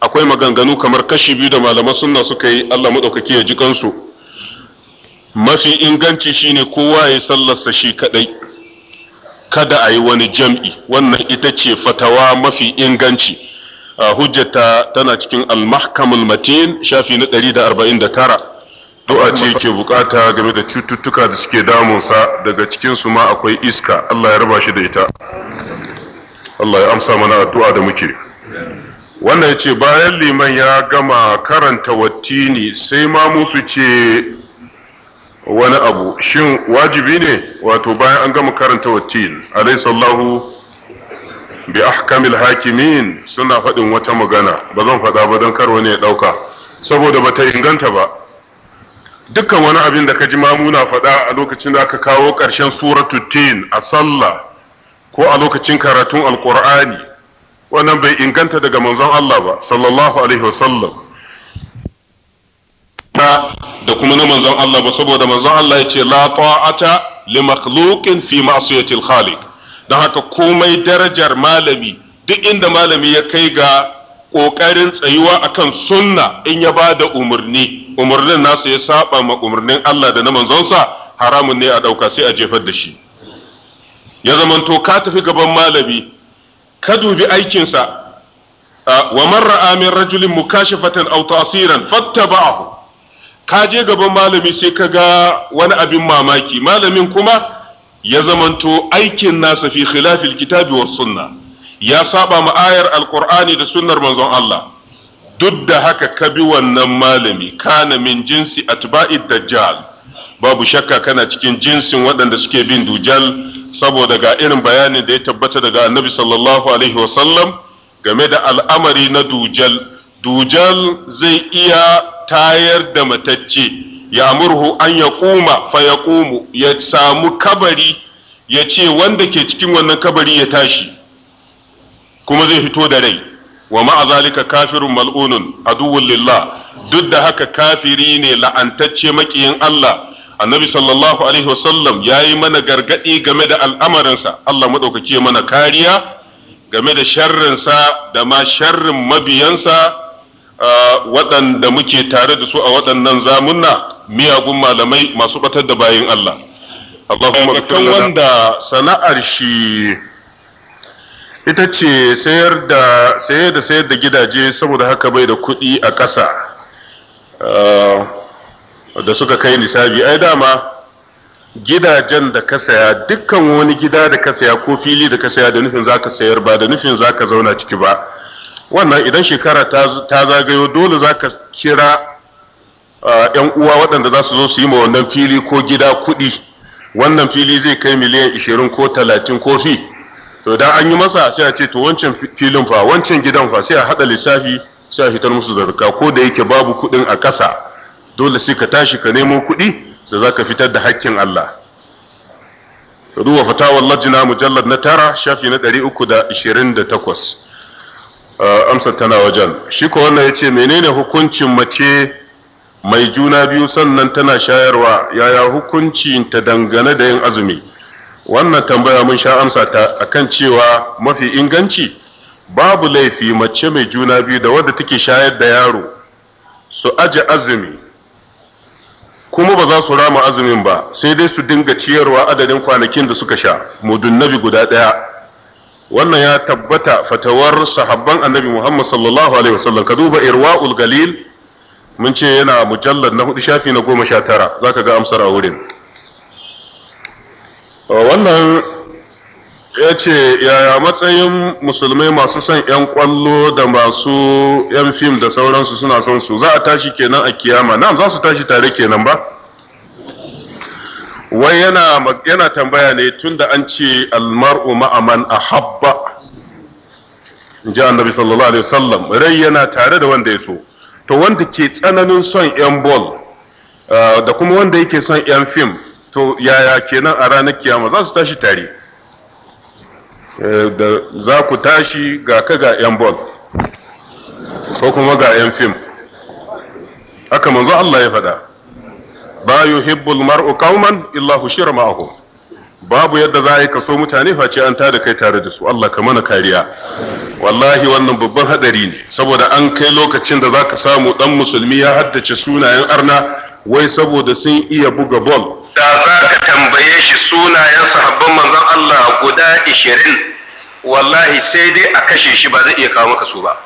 akwai maganganu kamar kashi biyu da malaman sunna suka yi Allah maɗaukaki ya ji kansu mafi inganci shine kowa ya sallarsa shi kadai kada a yi wani jam'i wannan ita ce fatawa mafi inganci hujjata tana cikin al-mahkamul matin shafi na 149 du'a ce ke bukata game da cututtuka da suke damunsa daga cikinsu ma akwai iska Allah ya raba shi da ita Allah ya amsa mana addu'a da muke wannan ya ce bayan liman ya gama karanta watini, sai ma musu ce wani abu shin wajibi ne wato bayan an gama karanta wattil alaisallahu bi ahkamil hakimin suna faɗin wata magana ba zan faɗa ba don kar wani ya ɗauka saboda ba ta inganta ba dukkan wani abin da ka ji mamu na faɗa a lokacin da aka kawo ƙarshen suratu tin a sallah ko a lokacin karatun alƙur'ani wannan bai inganta daga manzon Allah ba sallallahu alaihi wasallam da kuma na manzon Allah ba saboda manzon Allah ya ce la ta'ata li makhluqin fi ma'siyatil khaliq Da haka komai darajar malami duk inda malami ya kai ga kokarin tsayuwa akan sunna in ya ba da umarni umarnin nasa ya saba ma umarnin Allah da na manzonsa haramun ne a dauka sai a jefar da shi ya zamanto ka tafi gaban malami ka dubi aikinsa wa man ra'a min rajulin mukashifatan aw ta'siran fattaba'ahu ka je gaban malami sai ka ga wani abin mamaki malamin kuma ya zamanto aikin nasa fi khilafil kitabi was sunna ya saba ma ayar alqur'ani da sunnar manzon Allah duk da haka ka bi wannan malami kana min jinsi atba'i dajjal babu shakka kana cikin jinsin waɗanda suke bin dujal saboda ga irin bayanin da ya tabbata daga annabi sallallahu alaihi wasallam game da al'amari na dujal dujal zai iya tayar da matacce ya murhu an ya kuma fa ya kumu ya samu kabari ya ce wanda ke cikin wannan kabari ya tashi kuma zai fito da rai wa ma'azalika kafirun mal'unun aduwwun lillah duk da haka kafiri ne la'antacce makiyin Allah annabi sallallahu alaihi wasallam ya yi mana gargaɗi game da al'amarinsa Allah maɗaukaki mana kariya game da sharrinsa da ma sharrin mabiyansa waɗanda muke tare da su a waɗannan zamunna miyagun malamai masu batar da bayan Allah Allahumma wanda sana'ar shi ita ce sayar da sayar da sayar da gidaje saboda haka bai da kuɗi a ƙasa da suka kai nisabi ai dama gidajen da ka saya dukkan wani gida da ka saya ko fili da ka saya da nufin za ka sayar ba da nufin za ka zauna ciki ba wannan idan shekara ta zagayo dole za ka kira yan uwa waɗanda za su zo su yi ma wannan fili ko gida kuɗi wannan fili zai kai miliyan 20 ko 30 ko fi to da an yi masa sai a ce to wancan filin fa wancan gidan fa sai a haɗa lissafi sai a fitar musu zarka ko da yake babu kuɗin a ƙasa dole sai ka tashi ka nemo kuɗi da za ka fitar da haƙƙin Allah ruwa fatawar lajina mujallar na tara shafi na 328 amsa tana wajen shi ko wannan ce menene hukuncin mace mai juna biyu sannan tana shayarwa yaya hukuncin ta dangane da yin azumi wannan tambaya mun sha amsa ta akan cewa mafi inganci babu laifi mace mai juna biyu da wadda take shayar da yaro su aje azumi kuma ba za su rama azumin ba sai dai su dinga ciyarwa adadin kwanakin da suka sha mudunnabi guda ɗaya wannan ya tabbata fatawar sahabban annabi Muhammad sallallahu alaihi wasallam ka duba irwaul galil mun ce yana mujallar na hudu shafi na goma sha tara zaka ga amsar a wurin uh, wannan ya ce yaya matsayin musulmai masu son 'yan kwallo da masu 'yan fim da sauransu suna son su za a tashi kenan a kiyama na za su tashi tare kenan ba wai yana tambaya ne tunda an ce almar'u a habba. ahabba inji annabi sallallahu alaihi wasallam rai yana tare da wanda ya so to wanda ke tsananin son yan ball uh, da kuma wanda yake son yan fim to yaya kenan a ranar kiyama za su tashi tare eh, da za ku tashi ga ka ga yan ball ko kuma ga yan fim haka manzo Allah ya faɗa ba hibbul mar'u qauman illa hushira ma'ahum babu yadda za a yi kaso mutane face an tada kai tare da su Allah ka mana kariya wallahi wannan babban hadari ne saboda an kai lokacin da zaka samu dan musulmi ya haddace sunayen arna wai saboda sun iya buga ball da za ka tambaye shi sunayen sahabban manzon Allah guda 20 wallahi sai dai a kashe shi ba zai iya kawo maka su ba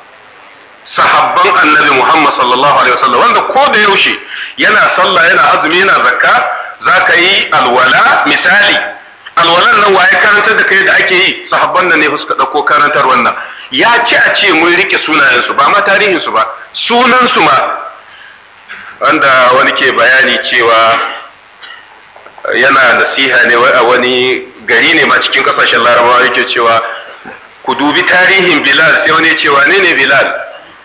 sahabban annabi Muhammad sallallahu alaihi wasallam wanda ko da yaushe yana sallah yana azumi yana zakka za ka yi alwala misali alwalan nan waye karantar da kai da ake yi sahabban nan ne suka ɗauko karantar wannan ya ci a ce mun rike sunayensu ba ma tarihinsu ba sunansu ma wanda wani ke bayani cewa yana nasiha ne a wani gari ne ma cikin kasashen larabawa yake cewa ku dubi tarihin bilal sai wani cewa ne ne bilal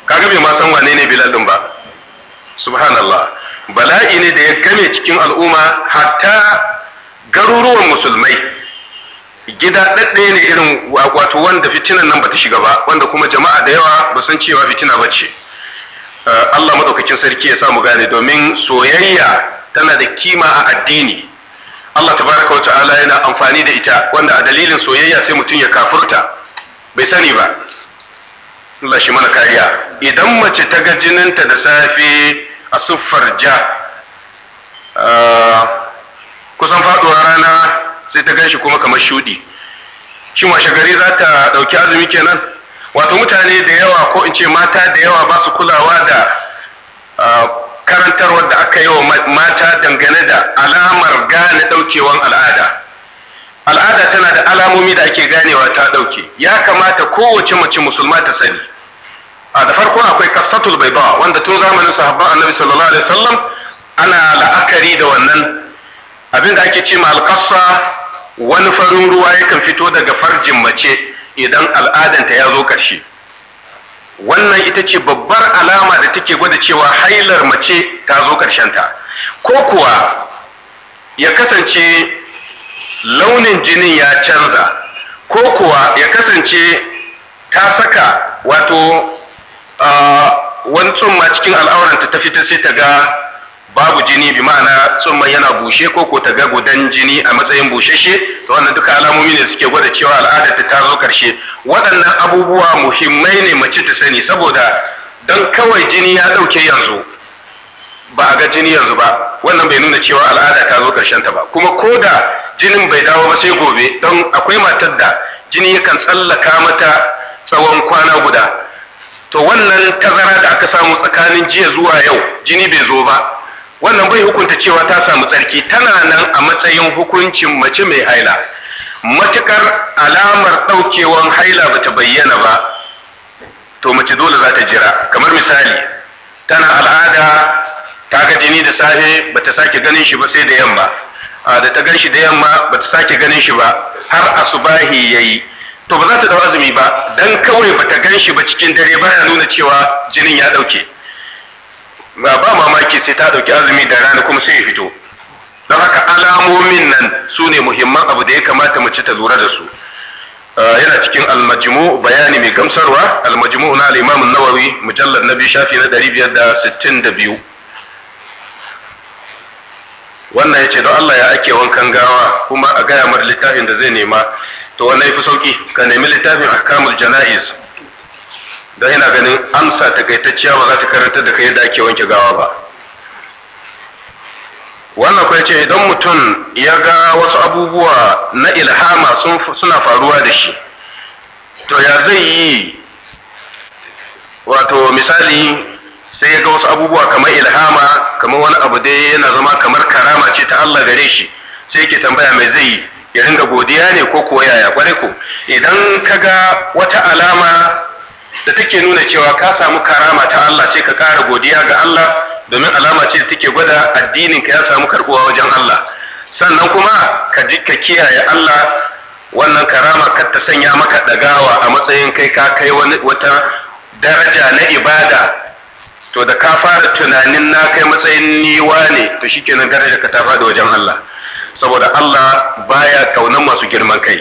kaga bai ma san wane ne bilal din ba subhanallah bala'i ne da ya game cikin al'umma hatta garuruwan musulmai gida ɗaɗɗe ne irin wato wanda fitinan nan ba ta shiga ba wanda kuma jama'a da yawa ba san cewa fitina ba ce eh, Allah maɗaukakin sarki ya samu gane domin soyayya tana da kima a addini Allah tabaraka wa ta'ala yana amfani da ita wanda a dalilin soyayya sai mutum ya kafurta bai sani ba Allah shi mana kariya idan mace ta ga jininta da safe a siffar ja ah, kusan faduwar rana sai ta ganshi kuma kamar shudi shin washe gari za ta ɗauki azumi kenan wato mutane da yawa ko in ce mata da yawa ba su kulawa da ah, karantarwar da aka yi wa mata dangane da alamar gane ɗaukewan al'ada al'ada tana da alamomi da ake ganewa ta ɗauke ya kamata kowace mace musulma ta sani a ah, da farko akwai kasatul baiba wanda tun zamanin sahabban annabi sallallahu alaihi wasallam ana la'akari da wannan abinda ake ce ma alƙassa wani farin ruwa yakan fito daga farjin mace idan al'adanta ya zo ƙarshe wannan ita ce babbar alama da take gwada cewa hailar mace ta zo ta, ko kuwa ya kasance launin jinin ya canza ko kuwa ya kasance ta saka wato wani tsumma cikin al'auranta ta fita sai ta ga babu jini bi ma'ana tsumma yana bushe ko ko ta ga gudan jini a matsayin busheshe to wannan duka alamomi ne suke gwada cewa al'ada ta ta zo karshe waɗannan abubuwa muhimmai ne mace ta sani saboda don kawai jini ya ɗauke yanzu ba a ga jini yanzu ba wannan bai nuna cewa al'ada ta zo karshen ta ba kuma ko da jinin bai dawo ba sai gobe don akwai matar da jini yakan tsallaka mata tsawon kwana guda to wannan tazara da aka samu tsakanin jiya zuwa yau jini bai zo ba wannan bai hukunta cewa ta samu tsarki tana nan a matsayin hukuncin mace mai haila matukar alamar ɗaukewan haila bata bayyana ba to mace dole za ta jira kamar misali tana al'ada ta ga jini da safe bata sake ganin shi ba sai da yamma da ta gan shi da yamma bata sake ganin shi ba har asubahi yayi to ba za ta dau azumi ba dan kawai bata gan shi ba cikin dare baya nuna cewa jinin ya dauke ba ba mamaki sai ta dauki azumi da rana kuma sai ya fito don haka alamomin nan su ne muhimman abu da ya kamata mu ci ta lura da su ah, yana cikin almajimu bayani mai gamsarwa Almajimu na al-imam an-nawawi mujallad nabi shafi na 562 wannan yace don Allah ya ake wankan gawa kuma a gaya mar littafin da zai nema to wannan fi sauki ka nemi littafin ahkamul jana'iz don yana ganin amsa ta ciya ba za ta karanta da kai da ake wanke gawa ba wannan kuwa ce idan mutum ya ga wasu abubuwa na ilhama suna faruwa da shi to ya zai yi wato misali sai ya ga wasu abubuwa kamar ilhama kamar wani abu dai yana zama kamar karama ce ta Allah gare shi sai yake tambaya mai zai yi ya dinga godiya ne ko kuwa yaya kwarai ko idan ka ga wata alama da take nuna cewa ka samu karama ta Allah sai ka ƙara godiya ga Allah domin alama ce da take gwada addinin ka ya samu karbuwa wajen Allah sannan kuma ka ka kiyaye Allah wannan karama kar ta sanya maka dagawa a matsayin kai ka kai wata daraja na ibada to da ka fara tunanin na kai matsayin niwa ne to shikenan daraja ka ta faɗi wajen Allah saboda Allah baya kaunan masu girman kai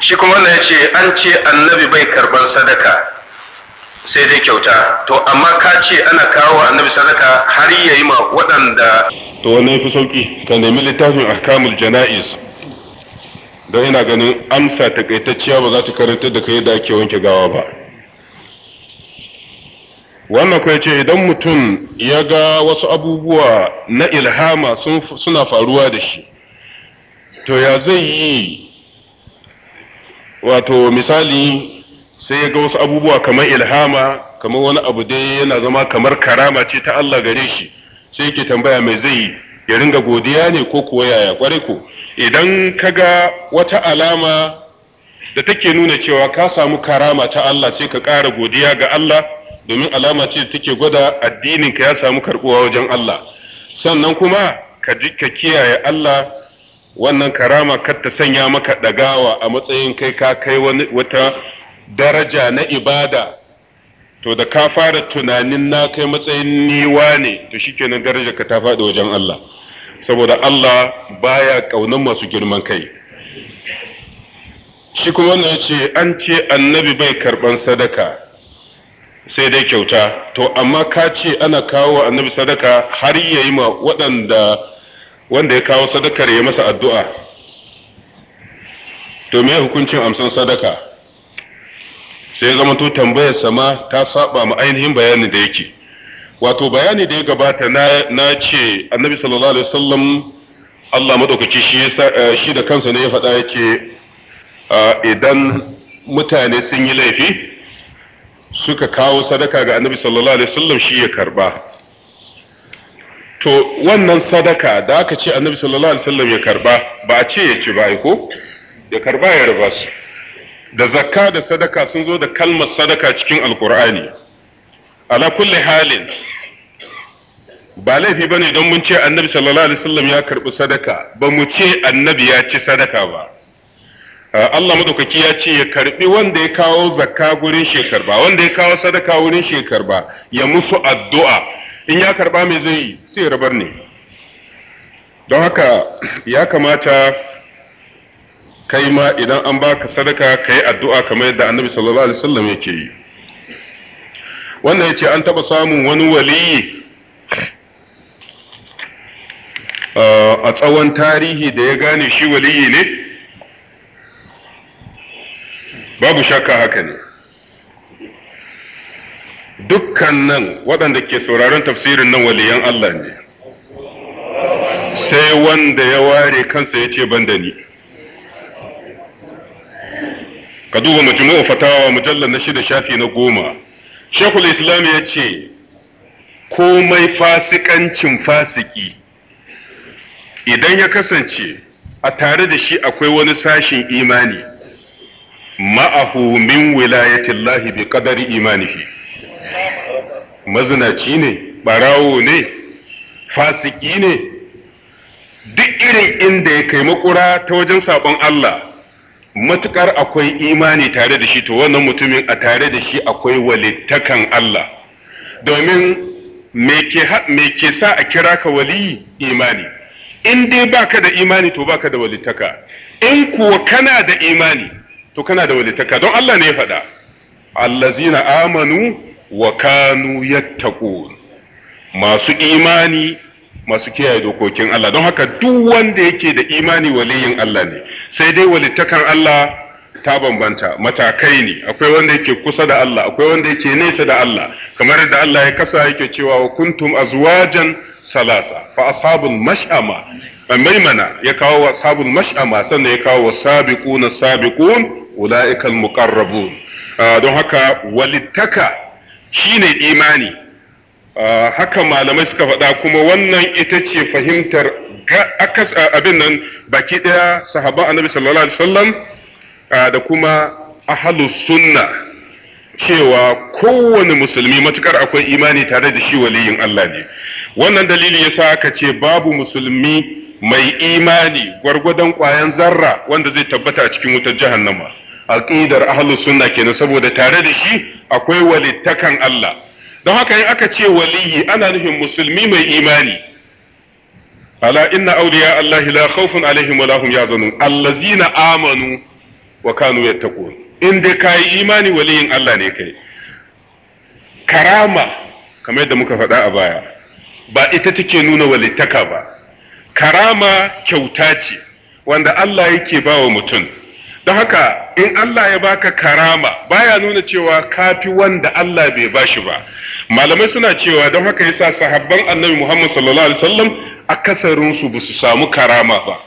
shi kuma wannan ya ce an ce annabi bai karban sadaka sai dai kyauta to amma ka ce ana kawo annabi sadaka har ya yi ma waɗanda to wannan fi sauki ka nemi littafin ahkamul jana'iz don ina ganin amsa takaitacciya ba za ta karanta da kai da ake wanke gawa ba wannan kuwa ce idan mutum ya ga wasu abubuwa na ilhama suna faruwa da shi to ya zai yi wato misali sai ya ga wasu abubuwa kamar ilhama kamar wani abu dai yana zama kamar karama ce ta Allah gare shi sai yake tambaya mai zai yi ya ringa godiya ne ko kuwa yaya kwarai ko idan ka ga wata alama da take nuna cewa ka samu karama ta Allah sai ka ƙara godiya ga Allah domin alama ce take gwada addinin ka ya samu karbuwa wajen Allah sannan kuma ka ka kiyaye Allah wannan karama kar ta sanya maka dagawa a matsayin kai ka kai wata daraja na ibada to da ka fara tunanin na kai matsayin niwa ne to shikenan daraja ka ta faɗi wajen Allah saboda Allah baya ƙaunar masu girman kai shi kuma wannan ya ce an ce annabi bai karban sadaka sai dai kyauta to amma ka ce ana kawo wa annabi sadaka har ya yi ma waɗanda wanda ya kawo sadakar ya masa addu'a to me hukuncin amsan sadaka sai zama to tambayar sama ta saba ma ainihin bayani da yake wato bayani da ya gabata na ce annabi sallallahu alaihi wasallam Allah madaukaki eh, shi da kansa ne ya faɗa ya ce ah, idan mutane sun yi laifi suka kawo sadaka ga annabi sallallahu alaihi wasallam shi ya karba to wannan sadaka da aka ce annabi sallallahu alaihi wasallam ya karba ba a ce ya ci ba ko ya karba ya raba su da zakka da sadaka sun zo da kalmar sadaka cikin alkur'ani ala kulli halin ba laifi bane don mun ce annabi sallallahu alaihi wasallam ya karbi sadaka ba mu ce annabi ya ci sadaka ba Eh, Allah madaukaki ya ce ya karbi wanda ya kawo zakka gurin shekar ba wanda ya kawo sadaka wurin shekar ba ya musu addu'a in ya karba me zai yi sai rabar ne don haka ya kamata kai ma idan an baka sadaka ka yi addu'a kamar yadda annabi sallallahu alaihi wasallam yake yi wannan yace an taba samun wani waliyi eh, a tsawon tarihi da ya gane shi waliyi ne babu shakka haka ne dukkan nan waɗanda ke sauraron tafsirin nan waliyan Allah ne sai wanda ya ware kansa ya ce ban da ni ka duba majmu'u fatawa mujallar na shida shafi na goma shekul islam ya ce komai fasikancin fasiki idan ya kasance a tare da shi akwai wani sashin imani ma'ahu min wilayatillahi bi qadari imanihi mazinaci ne barawo ne fasiki ne duk irin inda ya kai makura ta wajen sabon Allah matukar akwai imani tare da shi to wannan mutumin a tare da shi akwai walittakan Allah domin me ke sa a kira ka wali, imani in dai baka da imani to baka da walittaka in kuwa kana da imani to kana da walitaka don Allah ne ya faɗa allazina amanu wa kanu yattaqun masu imani masu kiyaye dokokin Allah don haka duk wanda yake da imani waliyin Allah ne sai dai walitakan Allah ta bambanta matakai ne akwai wanda yake kusa da Allah akwai wanda yake nesa da Allah kamar da Allah ya kasa yake cewa wa kuntum azwajan salasa fa ashabul mash'ama maimana ya kawo ashabul mash'ama sannan ya kawo sabiquna sabiqun ula'ikal muqarrabun ah, don haka walittaka shine imani ah, haka malamai suka faɗa kuma wannan ita ce fahimtar ah, abin nan baki ɗaya sahaba annabi sallallahu alaihi wasallam da kuma ahlus sunna cewa kowane musulmi matukar akwai imani tare da shi waliyin Allah ne wannan dalili yasa aka ce babu musulmi mai imani gwargwadon ƙwayan zarra wanda zai tabbata a cikin wutar jahannama aqidar ahlus sunna kenan saboda tare da shi akwai walittakan Allah don haka in aka ce waliyi ana nufin musulmi mai imani ala inna awliya Allah la khawfun alaihim wa lahum yazanun allazina amanu wa kanu yattaqun in kai imani waliyin Allah ne kai karama kamar yadda muka faɗa a baya ba ita take nuna walittaka ba karama kyauta ce wanda Allah yake ba wa mutum da haka in Allah ya baka karama baya nuna cewa kafi wanda Allah bai bashi ba malamai suna cewa don haka yasa sahabban annabi Muhammad sallallahu alaihi wasallam akasarin su basu samu karama ba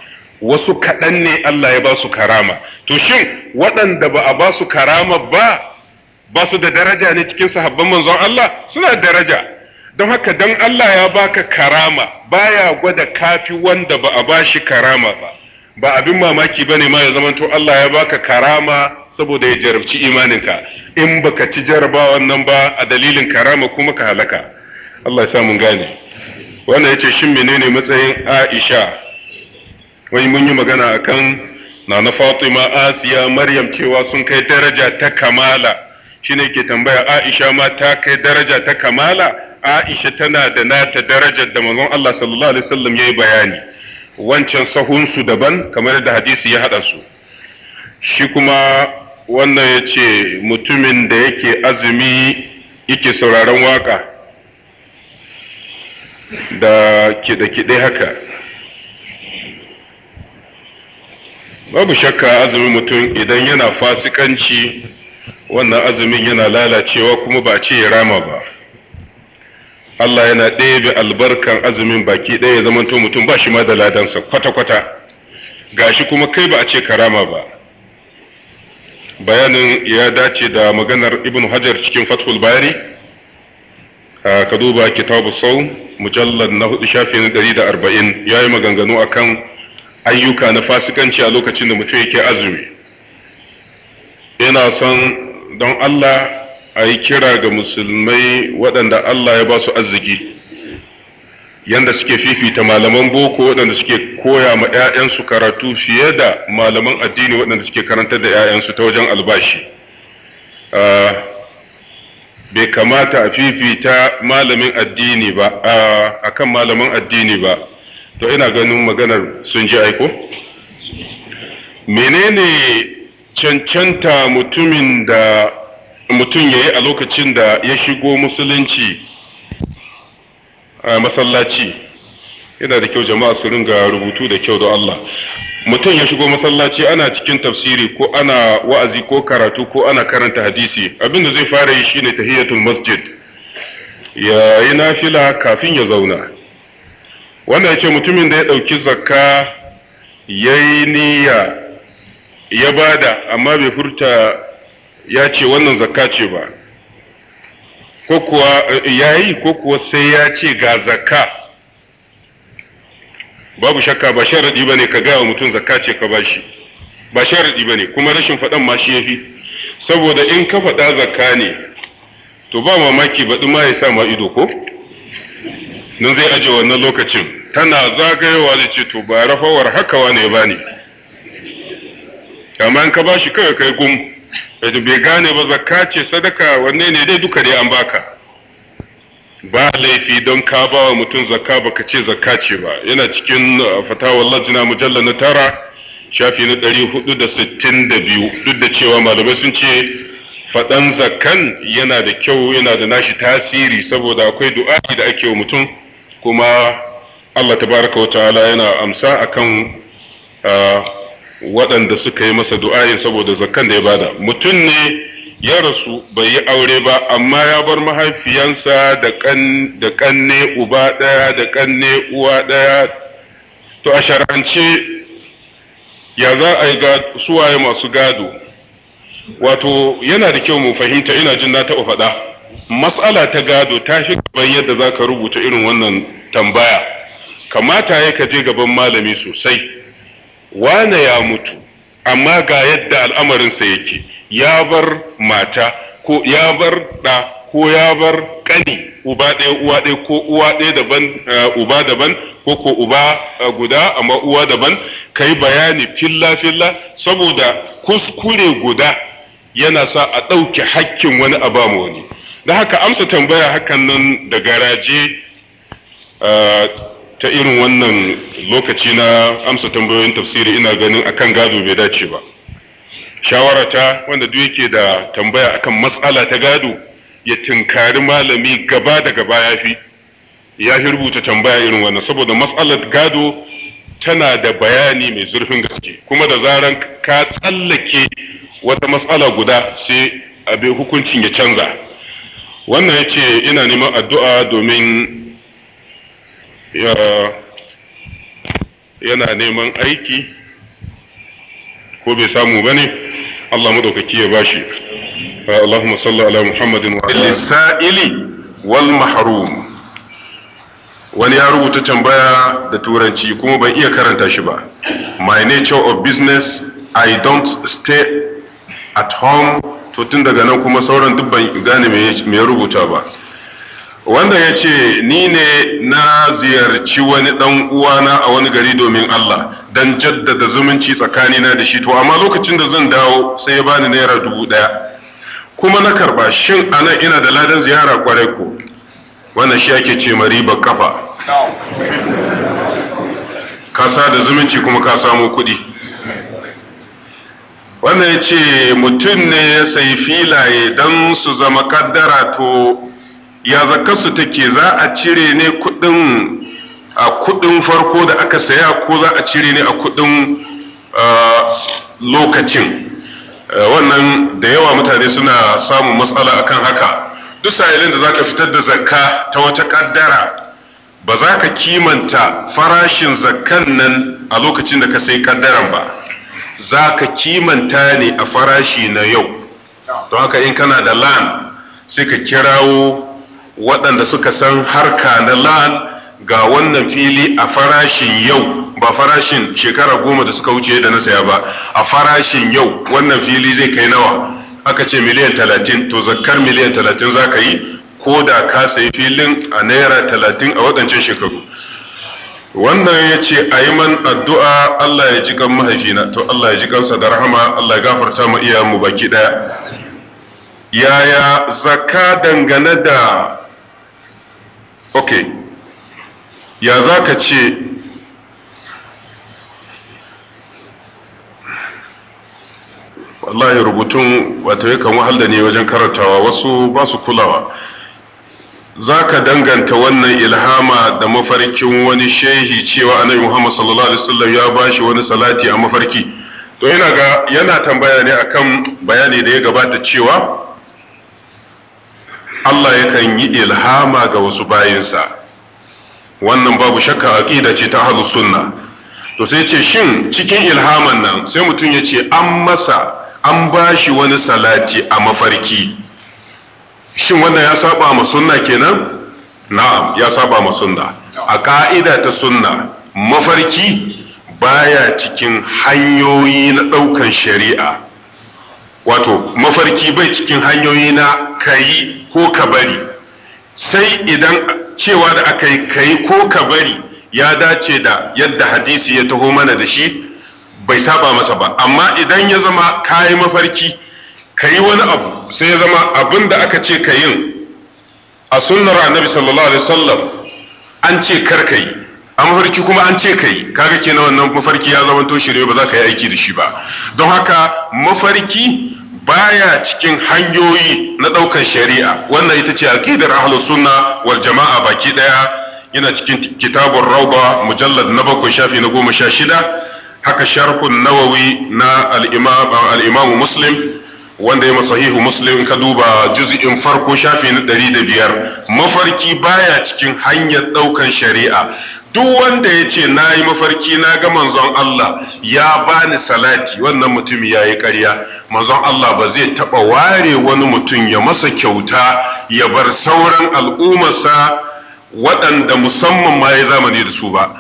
wasu kaɗan ne Allah ya basu karama to shin waɗanda ba a basu karama ba ba su da daraja ne cikin sahabban manzon Allah suna da daraja don haka don Allah ya baka karama baya gwada kafi wanda ba a bashi karama ba ba abin mamaki bane ma ya zamanto Allah ya baka karama saboda ya jarabci imaninka in baka ci jaraba nan ba a dalilin karama kuma ka halaka Allah ya sa mun gane wannan yace shin menene matsayin Aisha wai mun yi magana akan Nana Fatima Asiya Maryam cewa sun kai daraja ta kamala shine ke tambaya Aisha ma ta kai daraja ta kamala Aisha tana da nata darajar da manzon Allah sallallahu alaihi wasallam yayi bayani wancan sahunsu daban kamar da hadisi ya haɗa su shi kuma wannan ya ce mutumin da yake azumi yake sauraron waƙa da kiɗe-kiɗe haka babu shakka azumin mutum idan yana fasikanci wannan azumin yana lalacewa kuma ba a ce ya rama ba Allah yana ɗebe albarkan azumin baki ɗaya ya zamanto mutum ba shi ma da ladansa kwata-kwata shi kuma kai ba a ce karama ba bayanin ya dace da maganar ibn hajar cikin fathul bari ka duba kitabu sau mujallar na hudu shafi na ɗari da arba'in ya yi maganganu a kan ayyuka na fasikanci a lokacin da mutum yake azumi yana son don Allah a yi kira ga musulmai waɗanda Allah ya ba su arziki yadda suke fifita malaman boko waɗanda suke koya ma 'ya'yansu karatu fiye da malaman addini waɗanda suke karantar da 'ya'yansu ta wajen albashi bai kamata a fifita malamin addini ba a kan malaman addini ba to ina ganin maganar sun ji aiko menene cancanta mutumin da mutum ya yi a lokacin da ya shigo musulunci a masallaci yana da kyau jama'a su ringa rubutu da kyau da Allah mutum ya shigo masallaci ana cikin tafsiri ko ana wa'azi ko karatu ko ana karanta hadisi abin da zai fara yi shine tahiyatul masjid ya yi nafila kafin ya zauna wannan ya ce mutumin da ya ɗauki zakka ya yi niyya ya bada amma bai furta ya ce wannan zakka ce ba ko kuwa eh, ya yi ko kuwa sai ya ce ga zakka babu shakka ba sharaɗi ba ne ka gaya wa mutum zakka ce ka bashi ba sharaɗi ba ne kuma rashin faɗan ma shi ya fi saboda in ka faɗa zakka ne to ba mamaki baɗi ma ya sa ma ido ko nan zai aje wannan lokacin tana zagayowa da ce to ba rafawar haka wane ba ne. amma in ka bashi kawai kai gum da bai gane ba zakka ce sadaka wanne ne dai duka dai an baka ba laifi don ka ba wa mutum zakka baka ce zakka ce ba yana cikin uh, fatawar lajina mujallar na tara shafi na ɗari hudu da sittin da biyu duk da cewa malamai sun ce faɗan zakkan yana da kyau yana da nashi tasiri saboda akwai du'a'i da ake wa mutum kuma Allah tabaraka wa ta'ala yana amsa akan uh, waɗanda suka yi masa du'a'in saboda zakkan da ya bada mutum ne ya rasu bai yi aure ba amma ya bar mahaifiyansa da kanne uba ɗaya da kanne uwa ɗaya to a sharance ya za a yi suwaye masu gado wato yana da kyau mu fahimta ina jin na taɓa faɗa matsala ta gado ta fi gaban yadda za ka rubuta irin wannan tambaya kamata ya ka je gaban malami sosai wane ya mutu amma ga yadda al'amarinsa yake ya bar mata ko ya bar ɗa ko ya bar ƙani uba ɗaya uwa ɗaya ko uwa ɗaya daban uh, uba daban ko ko uba uh, guda amma uwa daban ka bayani filla filla saboda kuskure guda yana sa a ɗauke hakkin wani a ba wani da haka amsa tambaya hakan nan da garaje uh, ta irin wannan lokaci na amsa tambayoyin tafsiri ina ganin akan gado bai dace ba shawara ta wanda duk yake da tambaya akan matsala ta gado ya tinkari malami gaba da gaba ya fi ya fi rubuta tambaya irin wannan saboda matsalar gado tana da bayani mai zurfin gaske kuma da zaran ka tsallake wata matsala guda sai abin hukuncin ya canza wannan ya ce ina neman addu'a domin yana neman aiki ko bai samu ba ne Allah madaukaki ya bashi Allahumma salli ala Muhammadin wa ala sa'ili wal mahrum wani ya rubuta tambaya da turanci kuma ban iya karanta shi ba my nature of business i don't stay at home to tun daga nan kuma sauran duk ban gane me ya rubuta ba wanda ya ce ni ne na ziyarci wani dan uwana a wani gari domin Allah don jaddada zumunci tsakanina da shi to amma lokacin da zan dawo sai ya bani naira dubu ɗaya kuma na karba shin anan ina da ladan ziyara kwarai ko wannan shi ake ce riba kafa ka da zumunci kuma ka samo kuɗi wannan ya ce mutum ne ya sayi filaye don su zama kaddara to ya zakarsu take za a cire ne kudin a kudin farko da aka saya ko za a cire ne a kudin lokacin eh, wannan da yawa mutane suna samun matsala akan haka duk sa'ilin da za ka fitar da zakka ta wata kaddara ba za ka kimanta farashin zakkan nan a lokacin da ka sai kaddaran ba za ka kimanta ne a farashi na yau don haka in kana da lan sai ka kirawo waɗanda suka san harka na lan ga wannan fili a farashin yau ba farashin shekara goma da suka wuce da na saya ba a farashin yau wannan fili zai kai nawa aka ce miliyan talatin to zakkar miliyan talatin za ka yi ko da ka sayi filin a naira talatin a waɗancan shekaru wannan ya ce a yi man addu'a Allah ya ji gan mahaifina to Allah ya ji gansa da rahama Allah ya gafarta mu iyayenmu baki ɗaya yaya zakka dangane da ok ya za ka ce wallahi rubutun kan wahal wahala ne wajen karatawa wasu ba su kulawa za ka danganta wannan ilhama da mafarkin wani shehi cewa annabi muhammad sallallahu alaihi wasallam ya ba shi wani salati a mafarki to yana ga tambaya ne akan bayani da ya gabata cewa Allah yakan yi ilhama ga wasu bayinsa wannan babu shakka aƙida ce ta halus sunna to sai ce shin cikin ilhaman nan sai mutum ya ce an masa an bashi wani salati a mafarki shin wannan ya saba ma sunna kenan na'am ya saba ma sunna a ka'ida ta sunna mafarki baya cikin hanyoyi na ɗaukan shari'a wato mafarki bai cikin hanyoyi na kayi ko ka bari sai idan cewa da aka yi kai ko ka bari ya dace da yadda hadisi ya taho mana da shi bai saba masa ba amma idan ya zama kayi mafarki ka yi wani abu sai ya zama abin da aka ce ka yin a sunnar annabi sallallahu alaihi wasallam an ce kar ka yi a mafarki kuma an ce ka yi kaga kenan wannan mafarki ya zama to shirye ba za ka yi aiki da shi ba don haka mafarki baya cikin hanyoyi na ɗaukan shari'a wannan ita ce aqidar ahlus sunna wal jama'a baki daya yana cikin kitabun rauba mujallad na bakwai shafi na goma sha shida haka sharhun nawawi na al'imamu muslim wanda ya sahihu muslim ka duba juz'in farko shafi na ɗari da biyar mafarki baya cikin hanyar ɗaukan shari'a duk wanda ya ce na yi mafarki na ga manzon Allah ya bani salati wannan mutum ya yi ƙarya manzon Allah ba zai taɓa ware wani mutum ya masa kyauta ya bar sauran al'ummarsa waɗanda musamman ma ya zamani da su ba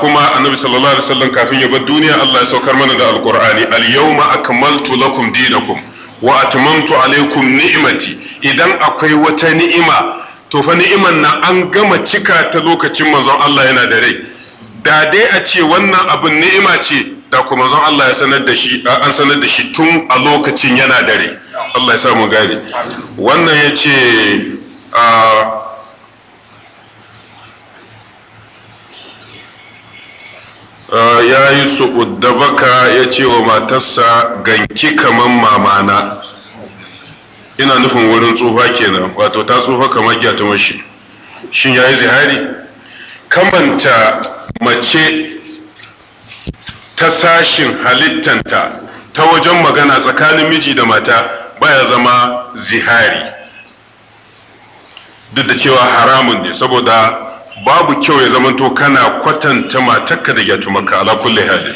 kuma annabi sallallahu alaihi wasallam kafin ya bar duniya Allah ya saukar mana da alqur'ani al-yawma akmaltu lakum dinakum wa atamantu alaykum ni'mati idan akwai wata ni'ima to fa ni'iman nan an gama cika ta lokacin manzon Allah yana da rai da dai a ce wannan abin ni'ima ce da kuma manzon Allah ya sanar da shi an sanar da shi tun a lokacin yana da rai Allah ya sa mu gane wannan yace a ya yi su baka ya ce wa matarsa ganki kamar mamana yana nufin wurin tsufa kenan wato ta tsufa kamar giya ta mashi shin yayi zihari kamanta mace ta sashin halittanta ta wajen magana tsakanin miji da mata baya zama zihari duk da cewa haramun ne saboda babu kyau ya zamanto kana kwatanta matarka da yatumaka ala kulli hali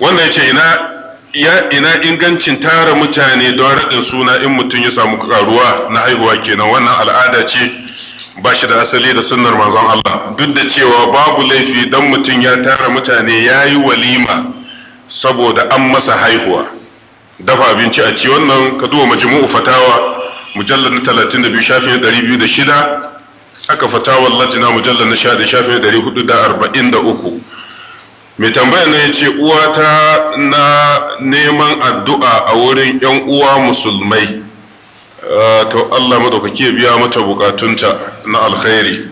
wannan yace ina ya ina ingancin tara mutane don raɗin suna in mutum ya samu karuwa na haihuwa kenan wannan al'ada ce ba shi da asali da sunnar manzon Allah duk da cewa babu laifi dan mutum ya tara mutane ya yi walima saboda an masa haihuwa dafa abinci a ci wannan ka duwa majmu'u fatawa Mujallar na 32 shafin 206 aka fatawa lajina Mujallar na 10 shafin 443 mai tambaya na ya ce uwata na neman addu'a a wurin 'yan uwa musulmai ah, to Allah madaukaki ya biya mata bukatunta na alkhairi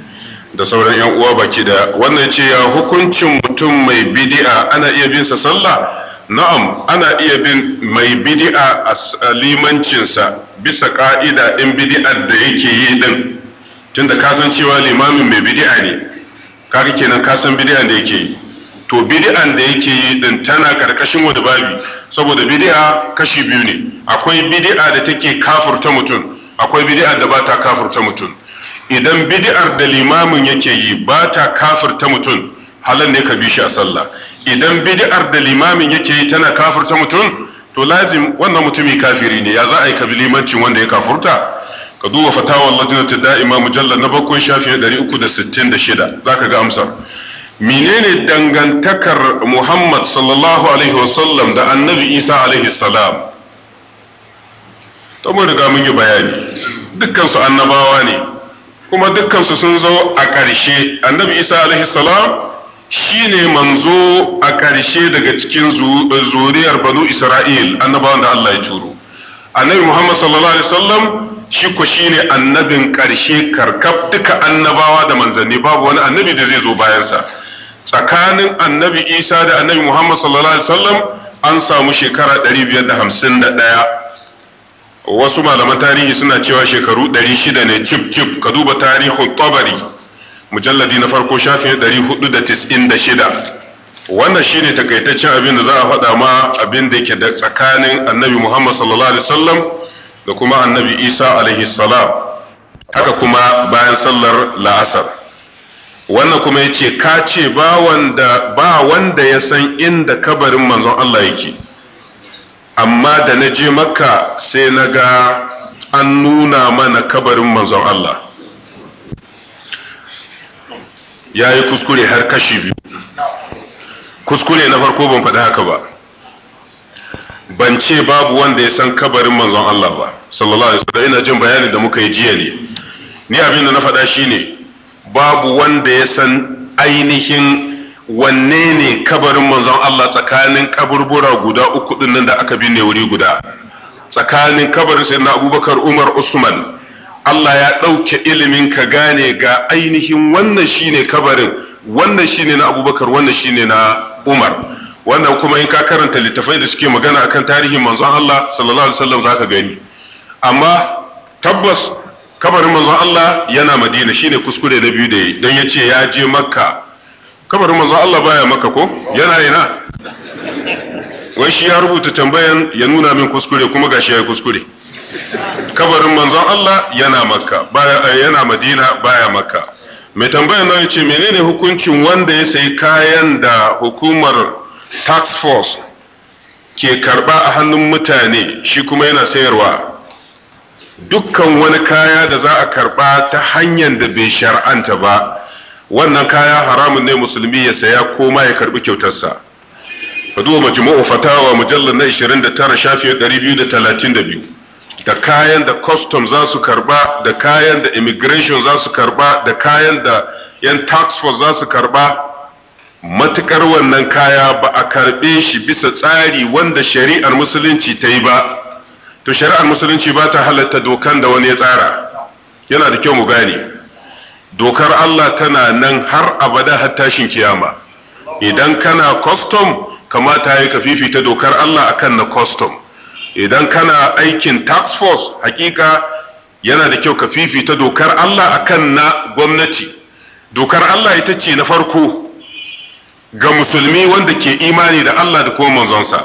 da sauran 'yan uwa baki da wannan ce ya hukuncin mutum mai bidi'a ana iya bin sa sallah na'am ana iya bin mai bidi'a a limancinsa bisa ƙa'ida in bidi'ar da yake yi din tunda kasan cewa limamin mai bidi'a ne kaga kenan kasan bidi'a da yake yi to bidi'an da yake yi din tana karkashin wani babi saboda bidi'a kashi biyu ne akwai bidi'a da take kafurta mutum akwai bidi'a da ba ta kafurta mutum idan bidi'ar da limamin yake yi ba ta kafurta mutum halan ne ka bi shi a sallah idan bidi'ar da limamin yake yi tana kafurta mutum to lazim wannan mutumi kafiri ne ya za a yi ka bi limancin wanda ya kafurta ka duba fatawar lajinatu da'ima mujallar na bakwai shafi 366 zaka ga amsar menene dangantakar Muhammad sallallahu alaihi wasallam da annabi Isa alaihi salam Ta mun riga mun yi bayani dukkansu annabawa ne kuma dukkansu sun zo a ƙarshe annabi Isa alaihi salam shine manzo a ƙarshe daga cikin zuriyar banu Isra'il annabawan da Allah ya curo annabi Muhammad sallallahu alaihi wasallam shi ko shine annabin ƙarshe karkab duka annabawa da manzanni babu wani annabi da zai zo bayansa tsakanin annabi isa da annabi muhammad sallallahu alaihi wasallam an samu shekara 551 wasu malaman tarihi suna cewa shekaru 600 ne cif cif ka duba tarihin tabari mujalladi na farko shafin 496 wannan shine takaitaccen abin da za a faɗa ma abin da ke da tsakanin annabi muhammad sallallahu alaihi wasallam da kuma annabi isa alaihi salam haka kuma bayan sallar la'asar wannan kuma yace ka ce ba wanda ba wanda ya san inda kabarin manzon Allah yake amma da na je makka sai na ga an nuna mana kabarin manzon Allah ya yi kuskure har kashi biyu kuskure na farko ban faɗi haka ba ban ce babu wanda ya san kabarin manzon Allah ba sallallahu alaihi wasallam ina jin bayani da muka yi jiya ne ni abin da na faɗa shine babu wanda ya san ainihin wanne ne kabarin manzon Allah tsakanin kaburbura guda uku din nan da aka binne wuri guda tsakanin kabarin sai na abubakar umar usman Allah ya ɗauke ilimin ka gane ga ainihin wannan shine kabarin wannan shine na abubakar wannan shine na umar wannan kuma in ka karanta littafai da suke magana akan tarihin manzon Allah sallallahu alaihi wasallam zaka gani amma tabbas kabarin manzon Allah yana Madina shine kuskure na biyu da yi don ya ce ya je Makka kabarin manzon Allah baya Makka ko yana ina wai shi ya rubuta tambayan ya nuna min kuskure kuma gashi ya kuskure kabarin manzon Allah yana Makka baya yana Madina baya Makka mai tambayan nan yace menene hukuncin wanda ya sayi kayan da hukumar tax force ke karba a hannun mutane shi kuma yana sayarwa dukkan wani kaya da za a karba ta hanyar da bai shar'anta ba wannan kaya haramun ne musulmi ya saya ko ma ya karbi kyautarsa ka duba majmu'u fatawa mujallar na 29 shafi 232 da kayan da custom za su karba da kayan da immigration za su karba da kayan da yan tax force za su karba matukar wannan kaya ba a karbe shi bisa tsari wanda shari'ar musulunci ta yi ba to shari'ar musulunci ba ta halatta dokan da wani ya tsara yana da kyau mu gane dokar Allah tana nan har abada har tashin kiyama idan kana custom kamata ya ka fifita dokar Allah akan na custom idan kana aikin tax force hakika yana da kyau ka fifita dokar Allah akan na gwamnati dokar Allah ita ce na farko ga musulmi wanda ke imani da Allah da kuma manzonsa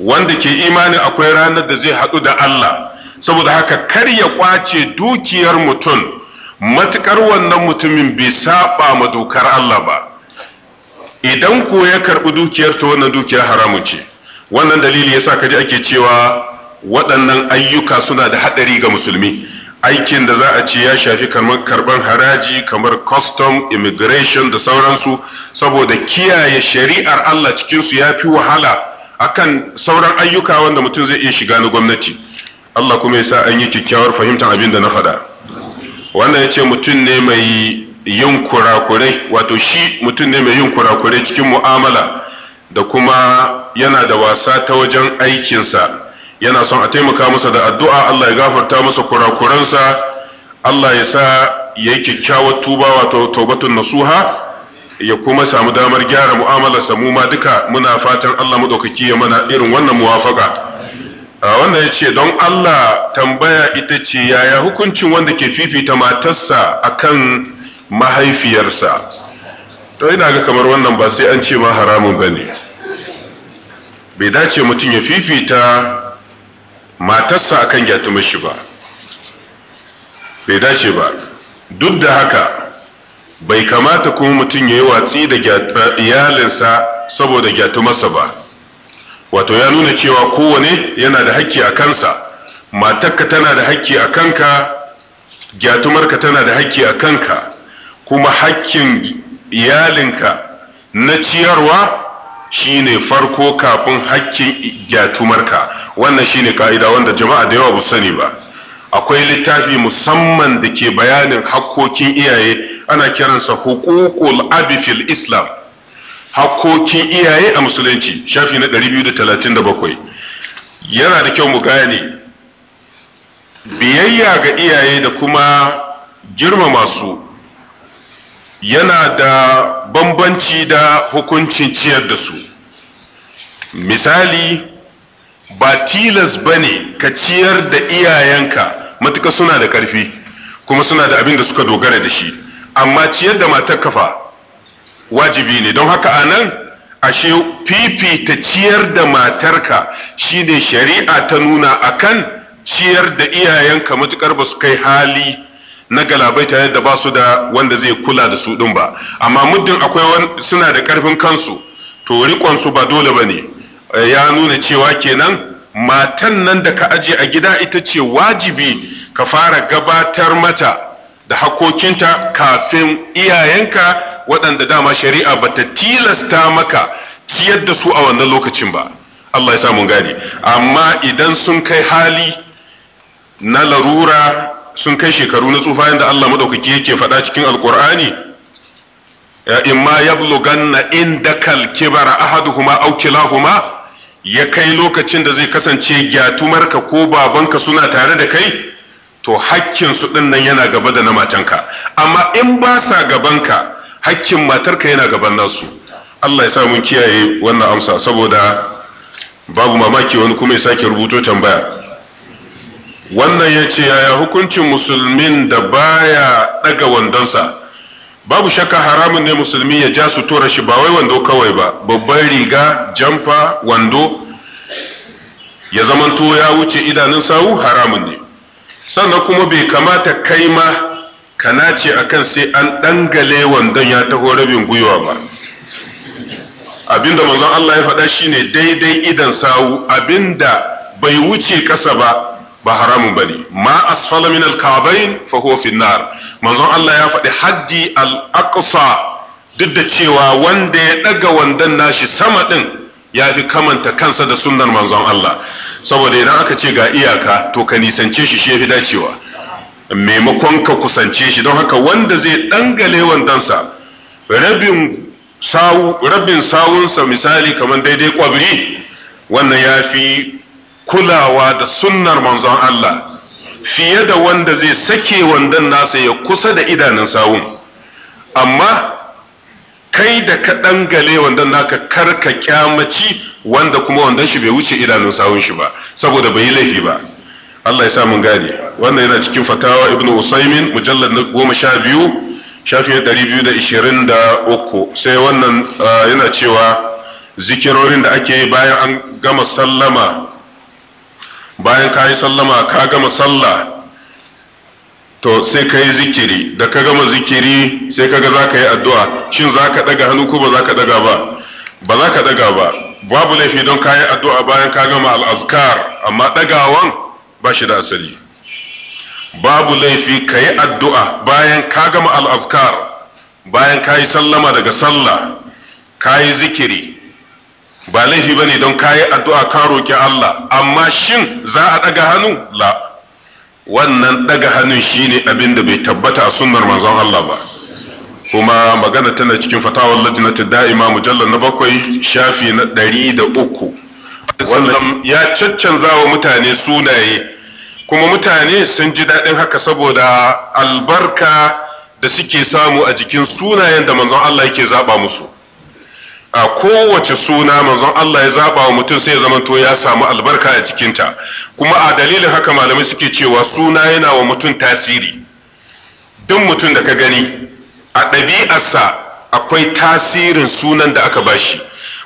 wanda ke imani akwai ranar da zai haɗu da Allah saboda haka kar ya kwace dukiyar mutum matukar wannan mutumin bai saba ma dokar Allah ba idan ko ya karɓi dukiyar ta wannan dukiyar haramun ce wannan dalili yasa kaji ake cewa waɗannan ayyuka suna da haɗari ga musulmi aikin da za a ce ya shafi kamar karban haraji kamar custom immigration da sauransu saboda kiyaye shari'ar Allah cikinsu ya fi wahala akan sauran ayyuka wanda mutum zai iya shiga na gwamnati Allah kuma ya sa an yi kyakkyawar fahimtar abin da na faɗa wanda ya ce mutum ne mai yin kurakurai wato shi mutum ne mai yin kurakurai cikin mu'amala da kuma yana da wasa ta wajen aikinsa yana son a taimaka masa da addu'a Allah ya gafarta masa kurakuransa Allah ya sa ya kyakkyawar tuba wato taubatun nasuha ya kuma samu damar gyara mu'amalar mu ma duka muna fatan Allah maɗaukaki ya mana irin wannan muwafaka wannan ya ce don Allah tambaya ita ce yaya hukuncin wanda ke fifita matarsa akan mahaifiyarsa to ina ga kamar wannan ba sai an ce ma haramun ba ne bai dace mutum ya fifita matarsa akan gyatumashi ba bai dace ba duk da haka bai kamata kuma mutum ya yi watsi da eh, iyalinsa saboda gyatumarsa ba wato ya nuna cewa kowane yana da hakki a kansa matarka tana da hakki a kanka gyatumarka tana da hakki a kanka kuma hakkin iyalinka na ciyarwa shine farko kafin hakkin gyatumarka wannan shine ka'ida wanda jama'a da yawa bu sani ba akwai littafi musamman da ke bayanin hakkokin iyaye ana kiransa hukukul abi fil islam hakkokin iyaye a musulunci shafi na 237 yana da kyau mu gane biyayya ga iyaye da kuma girmama su yana da bambanci da hukuncin ciyar da su misali ba tilas ba ne ka ciyar da iyayenka matuka suna da ƙarfi kuma suna da abin da suka dogara da shi amma ciyar da matar kafa wajibi ne don haka a nan ashe fifita ciyar da matarka shine shari'a ta nuna a kan ciyar da iyayenka matukar ba su kai hali na galabai tare yadda ba su da wanda zai kula da su ɗin ba amma muddin akwai suna da ƙarfin kansu to riƙonsu ba dole ba ne Eh, ya nuna cewa kenan matan nan da ka aje a gida ita ce wajibi ka fara gabatar mata da hakokinta kafin iyayenka waɗanda dama shari'a bata tilasta maka ciyar da su a wannan lokacin ba Allah ya mun gane amma idan sun kai hali na larura sun kai shekaru na tsufa yadda Allah maɗaukaki yake faɗa cikin Alƙur'ani, ya imma yabluganna indakal kibara ahaduhuma Aukila kilahuma ya kai lokacin da zai kasance gyatumarka ko babanka suna tare da kai to su ɗin nan yana gaba da na matanka amma in ba sa gabanka hakkin matarka yana gaban nasu Allah ya sa mun kiyaye wannan amsa saboda babu mamaki wani kuma ya sake rubuto tambaya wannan ya ce yaya hukuncin musulmin da baya ɗaga wandonsa babu shakka haramun ne musulmi ya ja su tura shi ba wai wando kawai ba babban riga jamfa wando ya zamanto ya wuce idanun sawu haramun ne sannan kuma bai kamata kai ma ka nace akan sai an dangale wandon ya taho rabin gwiwa ba abinda manzon Allah ya faɗa shi ne daidai idan sawu abinda bai wuce ƙasa ba ba haramun bane ma asfala min al fa huwa fi nar manzon Allah ya faɗi haddi al-aqsa duk da cewa wanda ya daga wandan nashi sama din ya fi kamanta kansa da sunnar manzon Allah saboda idan aka ce ga iyaka to ka nisance shi shi fi dacewa maimakon ka kusance shi don haka wanda zai dangale wandansa rabin sawu rabin sawunsa misali kamar daidai kwabri wannan ya fi kulawa da sunnar manzon Allah fiye da wanda zai sake wandon nasa ya kusa da idanun sawun amma kai da ka dangale wandan naka karka kyamaci wanda kuma wandan shi bai wuce idanun sawun shi ba saboda bai yi laifi ba Allah ya sa mun gane wannan yana cikin fatawa ibn Usaimin mujallad na goma sha biyu ɗari biyu da ishirin da uku sai wannan ah, yana cewa zikirorin da ake yi bayan an gama sallama bayan ka yi sallama ka gama sallah to sai ka yi zikiri da ka gama zikiri sai ka ga za ka yi addu'a shin za ka ɗaga hannu ko ba za ka ɗaga ba ba za ka ɗaga ba babu laifi don ka yi addu'a bayan ka gama al'azkar amma ɗagawan ba shi da asali babu laifi ka yi addu'a bayan ka gama al'azkar bayan ka yi sallama daga sallah ka yi zikiri ba laifi ne don kayi addu'a ka roki Allah amma shin za a daga hannu la wannan daga hannun shine abin da bai tabbata a sunnar manzon Allah ba kuma magana tana cikin fatawar lajnatu da'ima mujallar na bakwai shafi na ɗari da uku wannan ya caccanza wa mutane sunaye kuma mutane sun ji daɗin haka saboda albarka da suke samu a jikin sunayen da manzon Allah yake zaɓa musu a kowace suna manzon Allah ya zaba wa mutum sai ya to ya samu albarka a cikinta kuma a dalilin haka malamai suke cewa suna yana wa mutum tasiri duk mutum da ka gani a ɗabi'arsa akwai tasirin sunan da aka bashi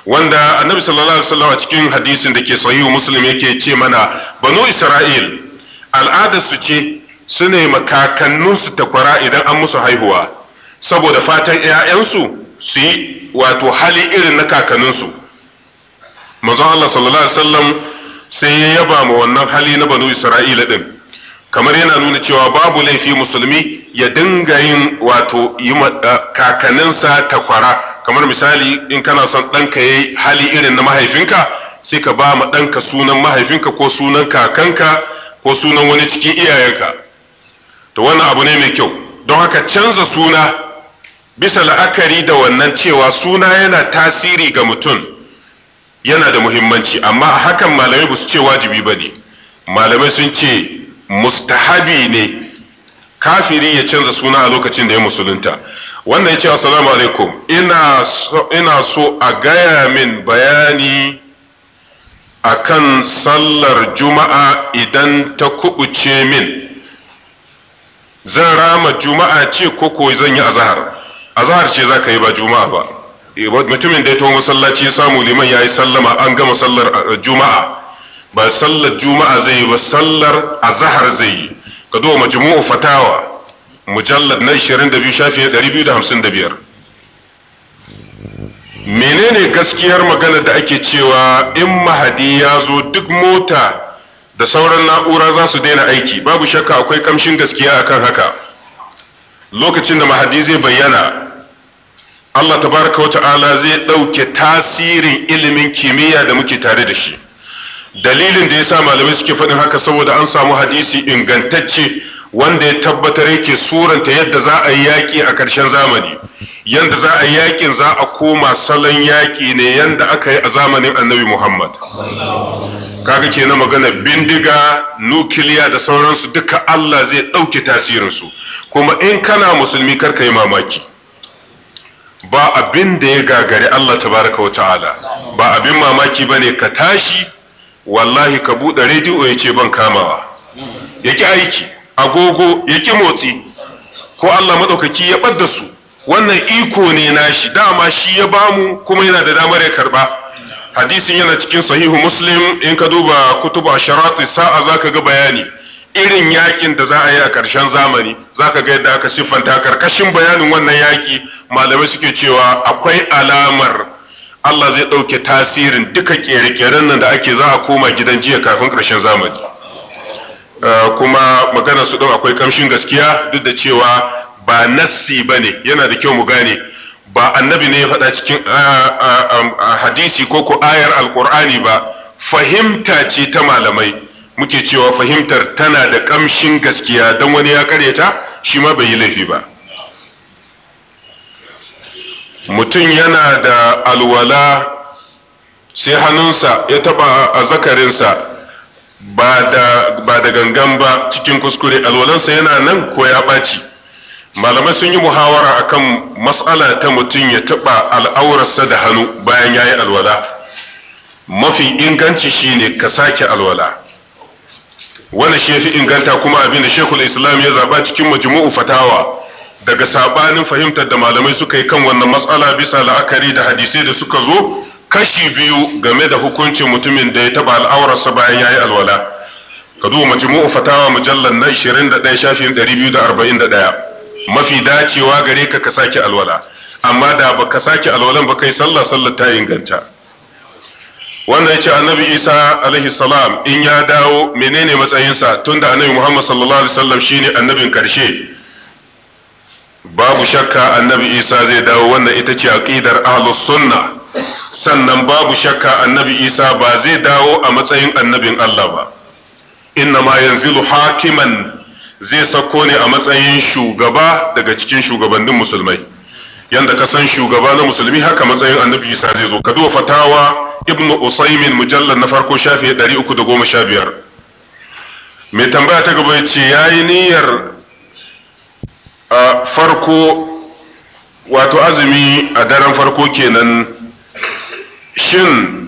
wanda annabi sallallahu alaihi wasallam a cikin hadisin da ke sahihu muslim yake ce mana banu isra'il al'adarsu ce su ne su takwara idan an musu haihuwa saboda fatan 'ya'yansu su yi wato hali irin na kakanninsu manzon Allah sallallahu alaihi wasallam sai ya yaba ma wannan hali na banu Isra'ila din kamar yana nuna cewa babu laifi musulmi ya dinga yin wato yi eh, kakanninsa takwara kamar misali in kana son ɗanka ya yi hali irin na mahaifinka sai ka ba ma ɗanka sunan mahaifinka ko sunan kakanka ko sunan wani cikin iyayenka to wannan abu ne mai kyau don haka canza suna bisa la'akari da wannan cewa suna yana tasiri ga mutum yana da muhimmanci amma a hakan malamai ba su ce wajibi ba ne malamai sun ce mustahabi ne kafiri ya canza suna a lokacin da ya musulunta wannan ya ce assalamu alaikum ina so a gaya min bayani a kan sallar juma'a idan ta kubuce min zan rama juma'a ce koko zan yi azahar Azahar ce zaka yi ba juma'a ba eh, mutumin da ya taho masallaci ya samu liman ya yi sallama an gama sallar eh, juma'a ba sallar juma'a zai yi ba sallar azhar zai yi ka duba majmu'u fatawa mujallad na 22 shafi 255 menene gaskiyar magana da ake cewa in mahadi ya zo duk mota da sauran na'ura za su daina aiki babu shakka akwai kamshin gaskiya akan haka lokacin da mahadi zai bayyana Allah tabaraka wa ta'ala zai ɗauke tasirin ilimin kimiyya da muke tare da shi dalilin da ya sa malamai suke faɗin haka saboda an samu hadisi ingantacce wanda ya tabbatar yake suranta yadda za a yi yaƙi a ƙarshen zamani yadda za a yi yaƙin za a koma salon yaƙi ne yadda aka yi a zamanin annabi muhammad kaga ke na magana bindiga nukiliya da sauransu duka allah zai ɗauke tasirinsu kuma in kana musulmi karka yi mamaki ba abin da ya gagari Allah Ta baraka wa ta'ala ba abin mamaki ba ne ka tashi wallahi ka buɗe rediyo ya ce ban kamawa ya ki aiki agogo ya ki motsi ko Allah maɗaukaki ya ɓadda su wannan iko ne nashi dama shi ya bamu kuma yana da damar ya karɓa hadisin yana cikin sahihu muslim in ka duba kutuba sharatu sa'a za ka ga bayani irin yakin da za a yi a ƙarshen zamani za ka ga yadda aka siffanta karkashin bayanin wannan yaki malamai suke cewa akwai alamar Allah zai ɗauke tasirin duka ƙere-ƙeren nan da ake za a koma gidan jiya kafin ƙarshen zamani uh, kuma magana su ɗau akwai kamshin gaskiya duk da cewa ba nassi ba ne yana da kyau mu gane ba annabi ne ya faɗa cikin uh, uh, um, hadisi ko ko ayar alƙur'ani ba fahimta ce ta malamai muke cewa fahimtar tana da ƙamshin gaskiya don wani ya karyata shi ma bai yi laifi ba mutum yana da alwala sai hannunsa ya taba a zakarinsa ba da gangan ba cikin kuskure alwalansa yana nan ko ya ɓaci malamai sun yi muhawara akan matsala ta mutum ya taba al'aurarsa da hannu bayan ya yi alwala mafi inganci shine ka sake alwala wanda shi fi inganta kuma abin da Sheikhul Islam ya zaba cikin majmu'u fatawa daga sabanin fahimtar da malamai suka yi kan wannan matsala bisa la'akari da hadisai da suka zo kashi biyu game da hukuncin mutumin da ya taba al'aurarsa bayan yayi alwala ka duba majmu'u fatawa mujallar na 21 shafin 241 mafi dacewa gare ka ka sake alwala amma da baka sake alwalan ba kai sallah sallar ta inganta wanda ya ce annabi isa alaihi salam in ya dawo menene matsayinsa tunda annabi muhammad sallallahu alaihi wasallam shine annabin karshe babu shakka annabi isa zai dawo wannan ita ce aqidar ahlus sunna sannan babu shakka annabi isa ba zai dawo a matsayin annabin allah ba inna ma yanzilu hakiman zai sako ne a matsayin shugaba daga cikin shugabannin musulmai yanda ka san shugaba na musulmi haka matsayin annabi isa zai zo ka duba fatawa ibn usaimin mujallar na farko shafi 315 mai tambaya ta gaba ce ya yi niyyar a farko wato azumi a daren farko kenan shin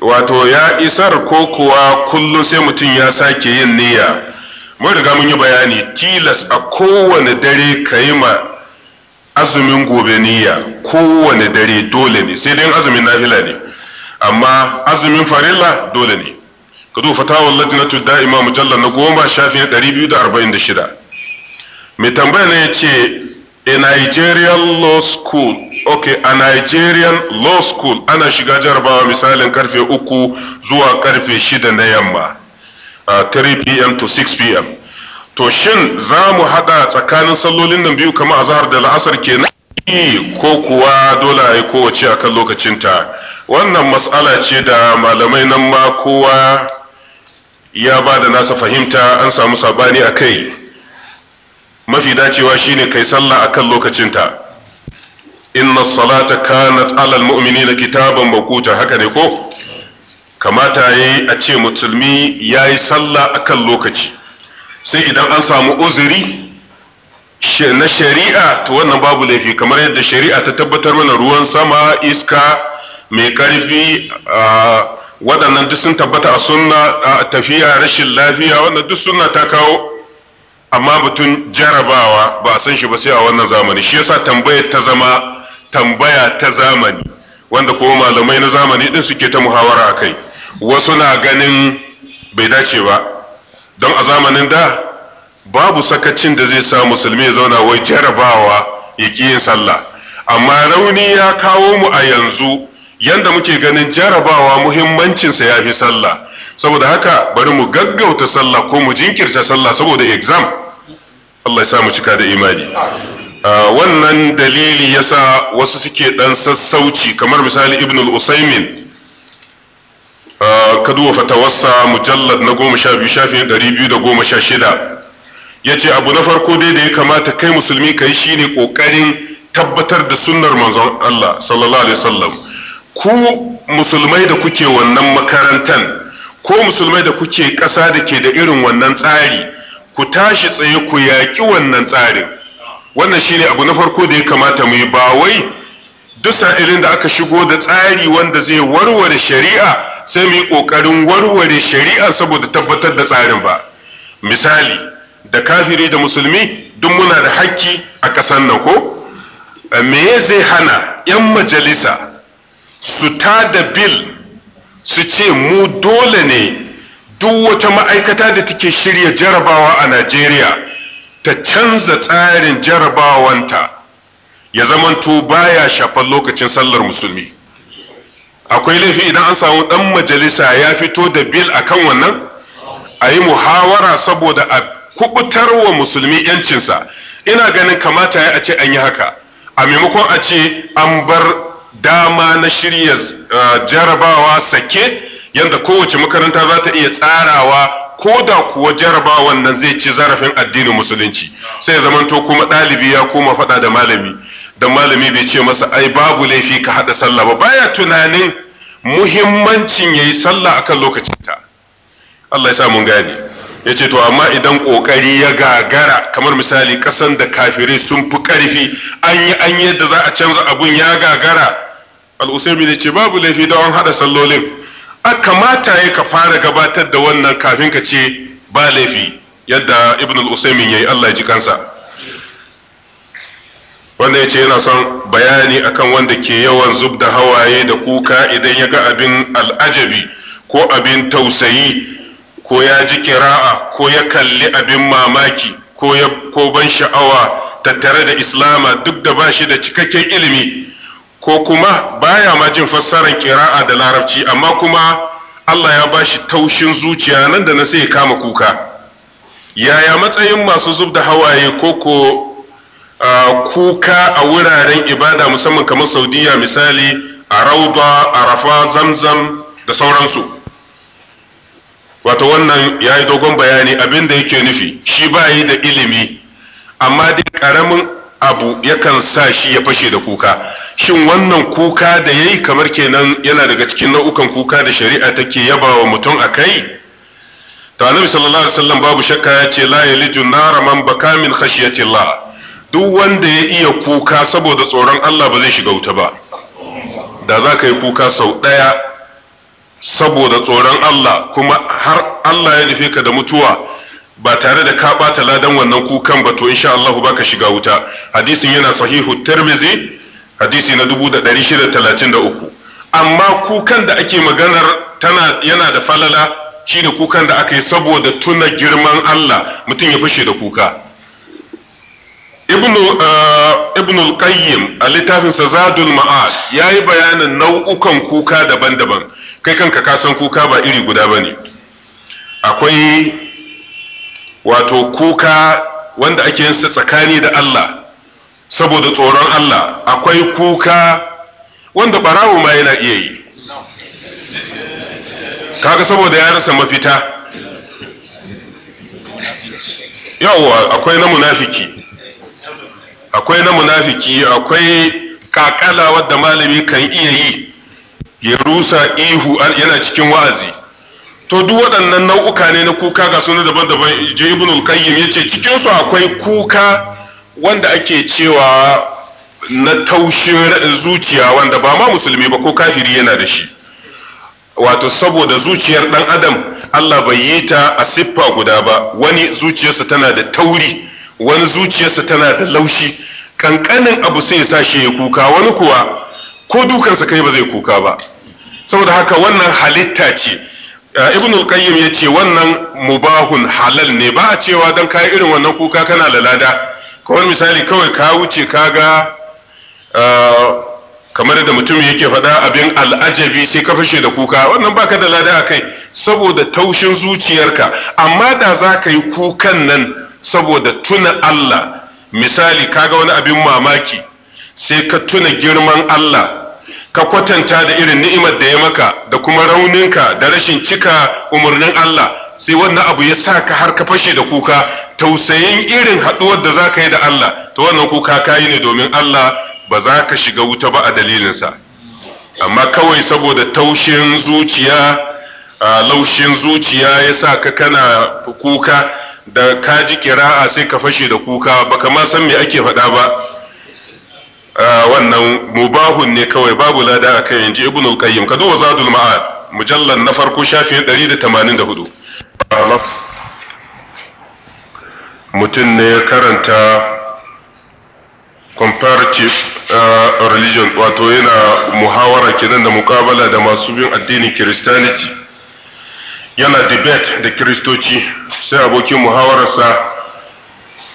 wato ya isar ko kuwa kullum sai mutum ya sake yin niyya mun riga mun yi bayani tilas a kowane dare ka yi ma azumin gobe niyya kowane dare dole ne sai dai azumin nafila ne amma azumin farilla dole ne ka zo fatawar latinatu da'ima mujallar na goma shafi na 246 mai tambaya ne ya ce a nigerian law school ok a nigerian law school ana shiga jarabawa misalin karfe uku zuwa karfe shida na yamma 3 uh, pm to 6 pm to shin za mu haɗa tsakanin sallolin nan biyu kamar azhar da la'asar kenan ko kuwa dole a yi kowace a kan lokacinta wannan matsala ce da malamai nan ma kowa ya ba da nasa fahimta an samu sabani a kai mafi dacewa shine kai sallah a kan lokacinta inna salata kanat alal na kitaban makuta haka ne ko kamata yi a ce musulmi yayi sallah akan lokaci sai idan an samu uzuri na shari'a to wannan babu laifi kamar yadda shari'a ta tabbatar mana ruwan sama iska mai karfi waɗannan duk sun tabbata a sunna a tafiya rashin lafiya wannan duk sunna ta kawo amma mutum jarabawa ba a san shi ba sai a wannan zamani shi yasa tambaya ta zama tambaya ta zamani wanda kuma malamai na zamani din suke ta muhawara a kai wasu na ganin bai dace ba don a zamanin da babu sakacin da zai sa musulmi ya zauna wai jarabawa ya ƙi yin sallah amma rauni ya kawo mu a yanzu yanda muke ganin jarabawa muhimmancinsa ya fi sallah saboda haka bari mu gaggauta sallah ko mu jinkirta sallah saboda exam Allah ya sa mu cika da imani ah, wannan dalili yasa wasu suke dan sassauci kamar misali ibnul usaimin Ah, kaduwa fatawarsa mujallad na goma sha biyu shafin ɗari biyu da goma sha shida ya ce abu na farko dai da ya kamata kai musulmi ka yi shi ne ƙoƙarin tabbatar da sunnar manzon Allah sallallahu alaihi wasallam ku musulmai da kuke wannan makarantan ko musulmai da kuke ƙasa da ke da irin wannan tsari ku tashi tsaye ku yaƙi wannan tsarin wannan shi ne abu na farko da ya kamata mu yi ba wai duk sa'ilin da aka shigo da tsari wanda zai warware shari'a sai mu yi ƙoƙarin warware shari'a saboda tabbatar da tsarin ba misali da kafiri da musulmi duk muna da haƙƙi a ƙasan nan ko eh, me zai hana 'yan majalisa su ta da bil su ce mu dole ne duk wata ma'aikata da take shirya jarabawa a najeriya ta canza tsarin jarabawanta ya zamanto baya shafan lokacin sallar musulmi akwai laifi idan an samu dan majalisa ya fito da bil akan wannan a yi muhawara saboda a kubutar wa musulmi yancinsa ina ganin kamata ya ce an yi haka a maimakon a ce an bar dama na shirya eh, jarabawa sake yadda kowace makaranta za ta iya tsarawa ko da kuwa jarabawan nan zai ci zarafin addinin musulunci sai zamanto kuma ɗalibi ya koma faɗa da malami da malami bai ce masa ai babu laifi ka hada sallah ba baya tunanin muhimmancin yayi sallah akan lokacinta Allah ya sa mun gane yace to amma idan kokari ya gagara kamar misali kasan da kafiri sun fi karfi an yi an yadda za a canza abun ya gagara al-usaimi ne ce babu laifi da an hada sallolin a kamata ya ka fara gabatar da wannan kafin ka ce ba laifi yadda ibn al-usaimin yayi Allah ya ji kansa wanda ya ce yana son bayani akan wanda ke yawan zub da hawaye da kuka idan ya ga abin al'ajabi ko abin tausayi ko ya ji kira'a ko ya kalli abin mamaki ko ya ban sha'awa tattare da islama duk da ba shi da cikakken ilimi ko kuma baya ma jin fassarar kira'a da larabci amma kuma Allah ya ba shi taushin zuciya nan da na sai ya kama kuka yaya matsayin masu zub da hawaye ko ko kuka a wuraren ibada musamman kamar saudiya misali a rauda arafa zamzam da sauransu wato wannan ya yi dogon bayani abin da yake nufi shi ba yi da ilimi amma dai karamin abu yakan sa shi ya fashe da kuka shin wannan kuka da ya yi kamar kenan yana daga cikin nau'ukan kuka da shari'a take yaba wa mutum a kai to annabi sallallahu alaihi babu shakka ya ce la yaliju nara man baka min khashiyatillah duk wanda ya iya kuka saboda tsoron Allah ba zai shiga wuta ba da za ka yi kuka sau ɗaya saboda tsoron Allah kuma har Allah ya nufe ka da mutuwa ba tare da ka ɓata ladan wannan kukan ba to insha Allah ba ka shiga wuta hadisin yana sahihu tarmizi hadisi na 1633 amma kukan da ake maganar tana yana da falala shine kukan da aka yi saboda tuna girman Allah mutum ya fashe da kuka ibn eh, al-qayyim a littafinsa zadul ma'ad ya yi bayanin nau'ukan kuka daban-daban kai kanka ka san kuka ba iri guda bane akwai wato kuka wanda ake yin sa tsakani da Allah saboda tsoron Allah akwai kuka wanda barawo ma yana iya yi kaga saboda ya rasa mafita yawwa akwai na munafiki akwai na munafiki akwai kakala wadda malami kan iya yi ya rusa ihu yana cikin wa'azi to duk waɗannan nau'uka ne na kuka ga suna daban-daban je ibn al-qayyim yace cikin su akwai kuka wanda ake cewa na taushin zuciya wanda ba ma musulmi ba ko kafiri yana da shi wato saboda zuciyar ɗan adam Allah bai yi ta a siffa guda ba wani zuciyarsa tana da tauri wani zuciyarsa tana da laushi kankanin abu sai ya sa shi ya kuka wani kuwa ko dukansa kai ba zai kuka ba saboda haka wannan halitta ce uh, ibn al-qayyim ya ce wannan mubahun halal ne ba a cewa dan kai irin wannan kuka kana lalada kamar misali kawai ka wuce ka ga uh, kamar da mutum yake faɗa abin al'ajabi sai ka fashe da kuka wannan baka da lada a kai saboda taushin zuciyarka amma da za ka yi kukan nan saboda tuna Allah misali kaga wani abin mamaki sai ka tuna girman Allah ka kwatanta da irin ni'imar da ya maka da kuma rauninka da rashin cika umarnin Allah sai wannan abu ya sa ka har ka fashe da kuka tausayin irin haɗuwar da za ka yi da Allah ta wannan kuka ka yi ne domin Allah ba za ka shiga wuta ba a dalilinsa amma kawai saboda taushin zuciya laushin zuciya ya sa ka kana kuka da ka ji kira'a sai ka fashe da kuka baka ma san me ake faɗa ba wannan mubahun ne kawai babu lada a kai inji ibnul qayyim ka duwa zadul ma'ad mujallal na farko shafi 184 mutum ne ya karanta comparative religion wato yana muhawara kenan da mukabala da masu bin addinin christianity yana debate da kiristoci sai abokin muhawararsa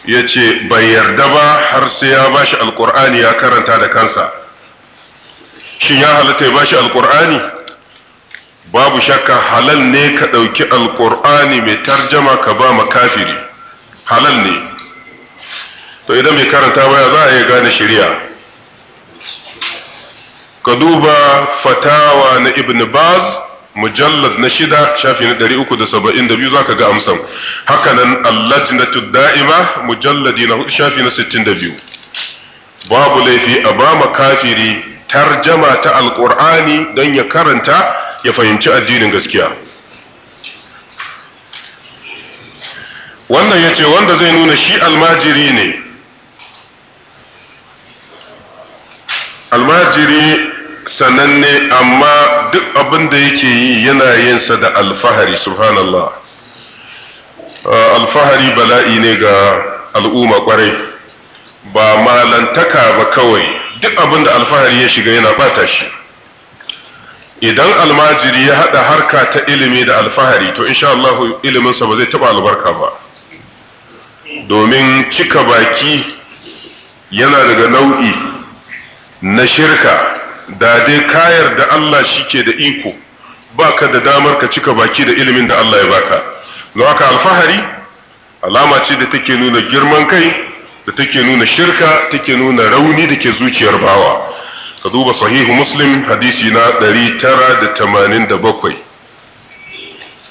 ya ce bai yarda ba har sai ya bashi alkur'ani ya karanta da kansa shin ya halatta ya bashi alkur'ani babu shakka halal ne ka ɗauki alkur'ani mai tarjama ka ba makafiri halal ne to idan mai karanta baya za a iya gane shirya ka duba fatawa na ibn baz mujallad na shida shafi na ɗari uku da saba'in da biyu za ka ga amsa. hakanan allajnatu da'ima mujalladi na hudu shafi na sittin da biyu babu laifi a ba ma kafiri tarjama ta alƙur'ani don ya karanta ya fahimci addinin gaskiya wannan ya ce wanda zai nuna shi almajiri ne almajiri sananne amma duk abin da yake yi yana yinsa da alfahari subhanallah uh, alfahari bala'i ne ga al'umma kwarai ba malantaka ba kawai duk abin da alfahari ya shiga yana bata shi idan almajiri ya haɗa harka ta ilimi da alfahari to insha Allah iliminsa ba zai taɓa albarka ba domin cika baki yana daga nau'i na shirka da dai kayar da Allah shi ke da iko baka da damar ka cika baki da ilimin da Allah ya baka don haka alfahari alama ce da take nuna girman kai da take nuna shirka take nuna rauni da ke zuciyar bawa ka duba sahihu muslim hadisi na tara da da tamanin bakwai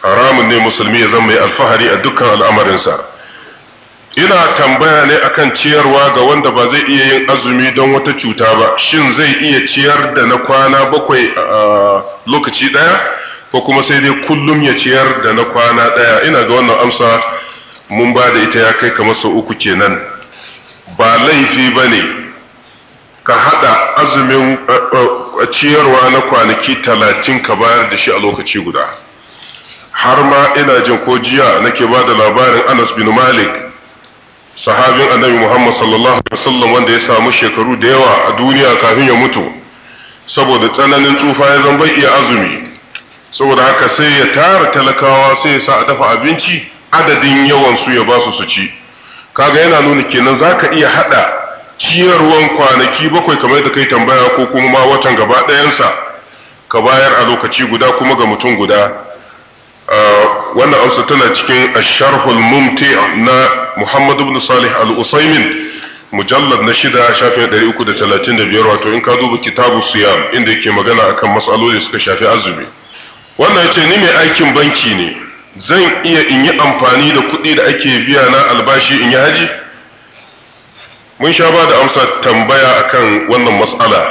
haramun ne musulmi ya zama mai alfahari a dukkan al'amarinsa ina tambaya ne akan ciyarwa ga wanda ba zai iya yin azumi don wata cuta ba shin zai iya ciyar da na kwana bakwai a lokaci daya ko kuma sai dai kullum ya ciyar da na kwana daya ina ga wannan amsa mun ba da ita ya kai kamar sau uku kenan ba laifi ba ne ka hada azumin ciyarwa na kwanaki talatin ka bayar da shi a lokaci guda har ma ina jin ko jiya nake ba da labarin anas bin malik sahabin annabi Muhammad sallallahu alaihi wasallam wanda ya samu shekaru da yawa a duniya kafin ya mutu saboda tsananin tsufa ya zan bai iya azumi saboda haka sai ya tara talakawa sai ya sa a dafa abinci adadin yawan su ya basu su ci kaga yana nuna kenan zaka iya hada ciyarwan kwanaki bakwai kamar da kai tambaya ko kuma ma watan gaba ɗayansa ka bayar a lokaci guda kuma ga mutum guda ah, wannan amsa tana cikin asharhul mumti na Muhammadu ibn Salih al-Usaimin mujallar na shida shafin 335 wato in ka duba kitabu siyam inda yake magana akan matsaloli suka shafi azumi wannan yace ni mai aikin banki ne zan iya in yi amfani da kuɗi da ake biya na albashi in yi haji mun sha ba da amsa tambaya akan wannan matsala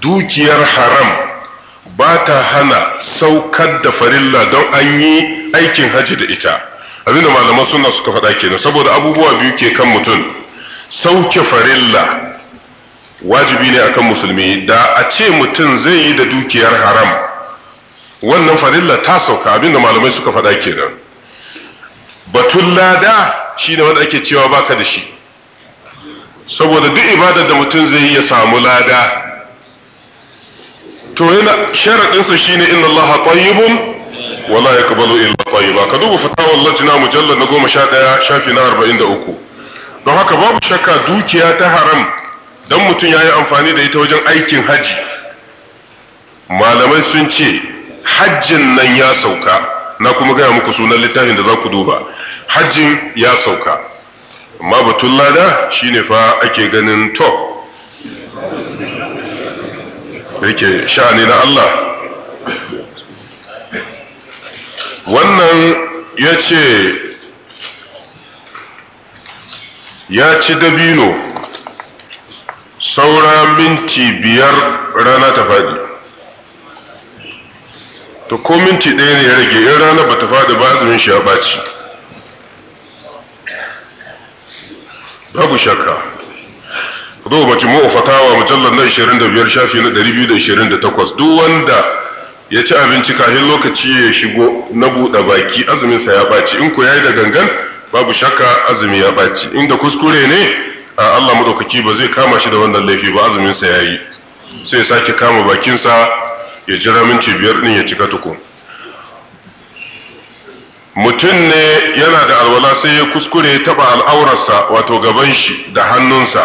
dukiyar haram ba ta hana saukar da farilla don an yi aikin haji da ita abinda malaman suna suka faɗa kenan saboda abubuwa biyu ke kan mutum sauke farilla wajibi ne akan musulmi da a ce mutum zai yi da dukiyar haram wannan farilla ta sauka abinda malamai suka faɗa kenan batun lada shi ne wanda ake cewa baka da shi saboda duk ibadar da mutum zai yi ya samu lada to yana sharaɗinsa shine inna allaha tayyibun wala ya kabalu yi ba ka duba fatawar lajina mujallar na goma sha ɗaya shafi na arba'in da uku don haka babu shakka dukiya ta haram don mutum ya yi amfani da ita wajen aikin haji malamai sun ce hajjin nan ya sauka na kuma gaya muku sunan littafin da za ku duba hajjin ya sauka amma batun lada shine fa ake ganin to yake sha'ani na Allah wannan ya ce ya ci dabino saura minti biyar rana ta faɗi ta ko minti ɗaya ne ya rage in rana ba ta faɗi ba azumin shi ya ɓaci babu shakka zo mace mu fatawa mujallar na 25 shafi na 228 duk wanda ya ci abinci kafin lokaci ya shigo na buɗe baki azuminsa ya baci in ko ya yi da gangan babu shakka azumi ya ɓaci inda kuskure ne Allah maɗaukaki ba zai kama shi da wannan laifi ba azuminsa ya yi sai ya sake kama bakinsa ya jira minti biyar ɗin ya cika tukun mutum ne yana da alwala sai ya kuskure ya taɓa al'aurarsa wato gaban shi da hannunsa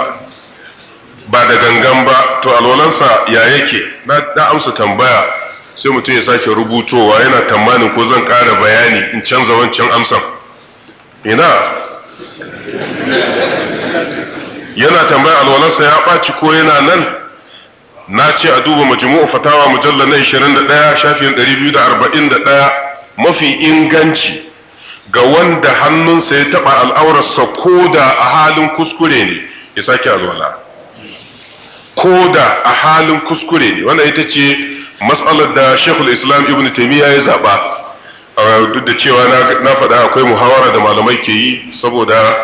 ba da gangan ba to alwalansa ya yake na amsa tambaya sai mutum ya sake rubutowa yana tamanin ko zan kara bayani in canza wancan amsan ina yana tambaya al'walarsa ya ɓaci ko yana nan na ce a duba majmu'u fatawa mujalla na 21 shafin 241 mafi inganci ga wanda hannunsa ya taɓa al'aurarsa ko da a halin kuskure ne ya sake alwala ko da a halin kuskure ne wannan ita ce matsalar da shekul islam ibn taimiyya ya zaɓa duk da cewa na faɗa akwai muhawara da malamai ke yi saboda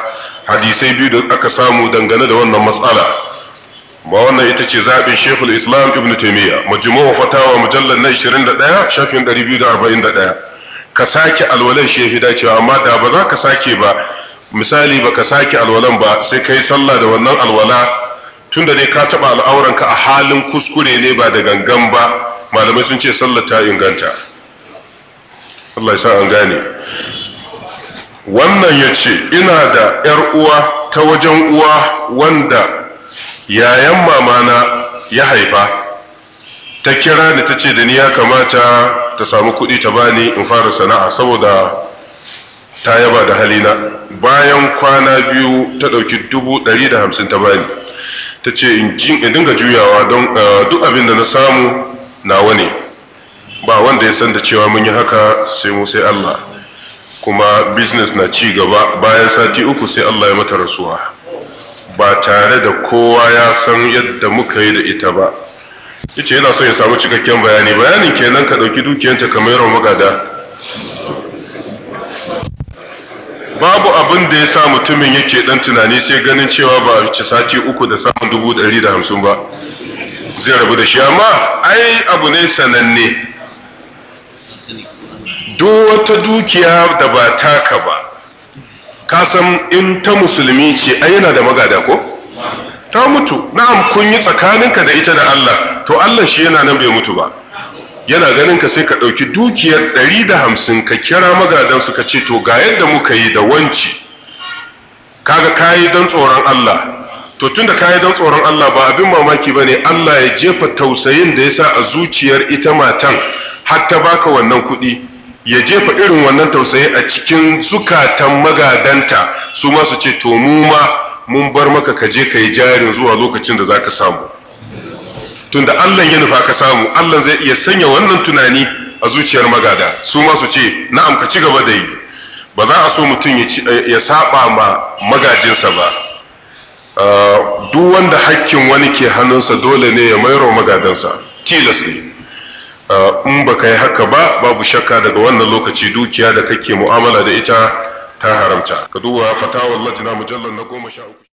hadisai biyu da aka samu dangane da wannan matsala ba wannan ita ce zaɓin shekul islam ibn taimiyya majmu'u fatawa mujallar na 21 shafin 241 ka sake alwalar shehi dacewa amma da ba za ka sake ba misali ba ka sake alwalan ba sai ka yi sallah da wannan alwala tunda dai ka taɓa al'auranka a halin kuskure ne ba da gangan ba malamai sun ce sallar ta inganta Allah ya an gane wannan ya ce ina da ‘yar uwa ta wajen uwa wanda yayan mamana ya haifa ta kira ni ta ce da ni ya kamata ta samu kuɗi ta bani in fara sana'a saboda ta yaba da halina bayan kwana biyu ta ɗauki dubu ɗari da hamsin ta bani ta ce in dinga juyawa don eh, duk abin da na samu nawa ne ba wanda ya san da cewa mun yi haka sai mu sai Allah kuma business na ci gaba bayan sati uku sai Allah ya mata rasuwa ba tare da kowa ya san yadda muka yi da ita ba yace yana son ya samu cikakken bayani bayanin kenan ka dauki dukiyanta kamar yaron magada babu abin da ya sa mutumin yake dan tunani sai ganin cewa ba a ci sati uku da samun dubu ɗari da hamsin ba zai rabu da shi amma ai abu ne sananne duk wata dukiya da ba taka ba ka san in ta musulmi ce ai yana da magada ko ta mutu na'am kun yi tsakaninka da ita da Allah to Allah shi yana nan bai mutu ba yana ganin ka sai ka ɗauki dukiyar ɗari da hamsin ka kira magadan su ka ce to ga yadda muka yi da wanci kaga kayi don tsoron Allah to tunda kayi don tsoron Allah ba abin mamaki ba ne Allah ya jefa tausayin da ya sa a zuciyar ita matan har ta baka wannan kuɗi ya jefa irin wannan tausayi a cikin zukatan magadanta su ma su ce to mu ma mun bar maka ka je ka jarin zuwa lokacin da za ka samu tunda Allah ya nufa ka samu Allah zai iya sanya wannan tunani a zuciyar magada su ma su ce na'am ka ci gaba da yi ba za a so mutum ya saba ma magajinsa ba Ah, duk wanda hakkin wani ke hannunsa dole ne ya mairo magadansa tilas ne ah, in ba ka yi haka ba babu shakka daga wannan lokaci dukiya da kake mu'amala da ita ta haramta ka duba fatawar lajina mujallar na goma sha uku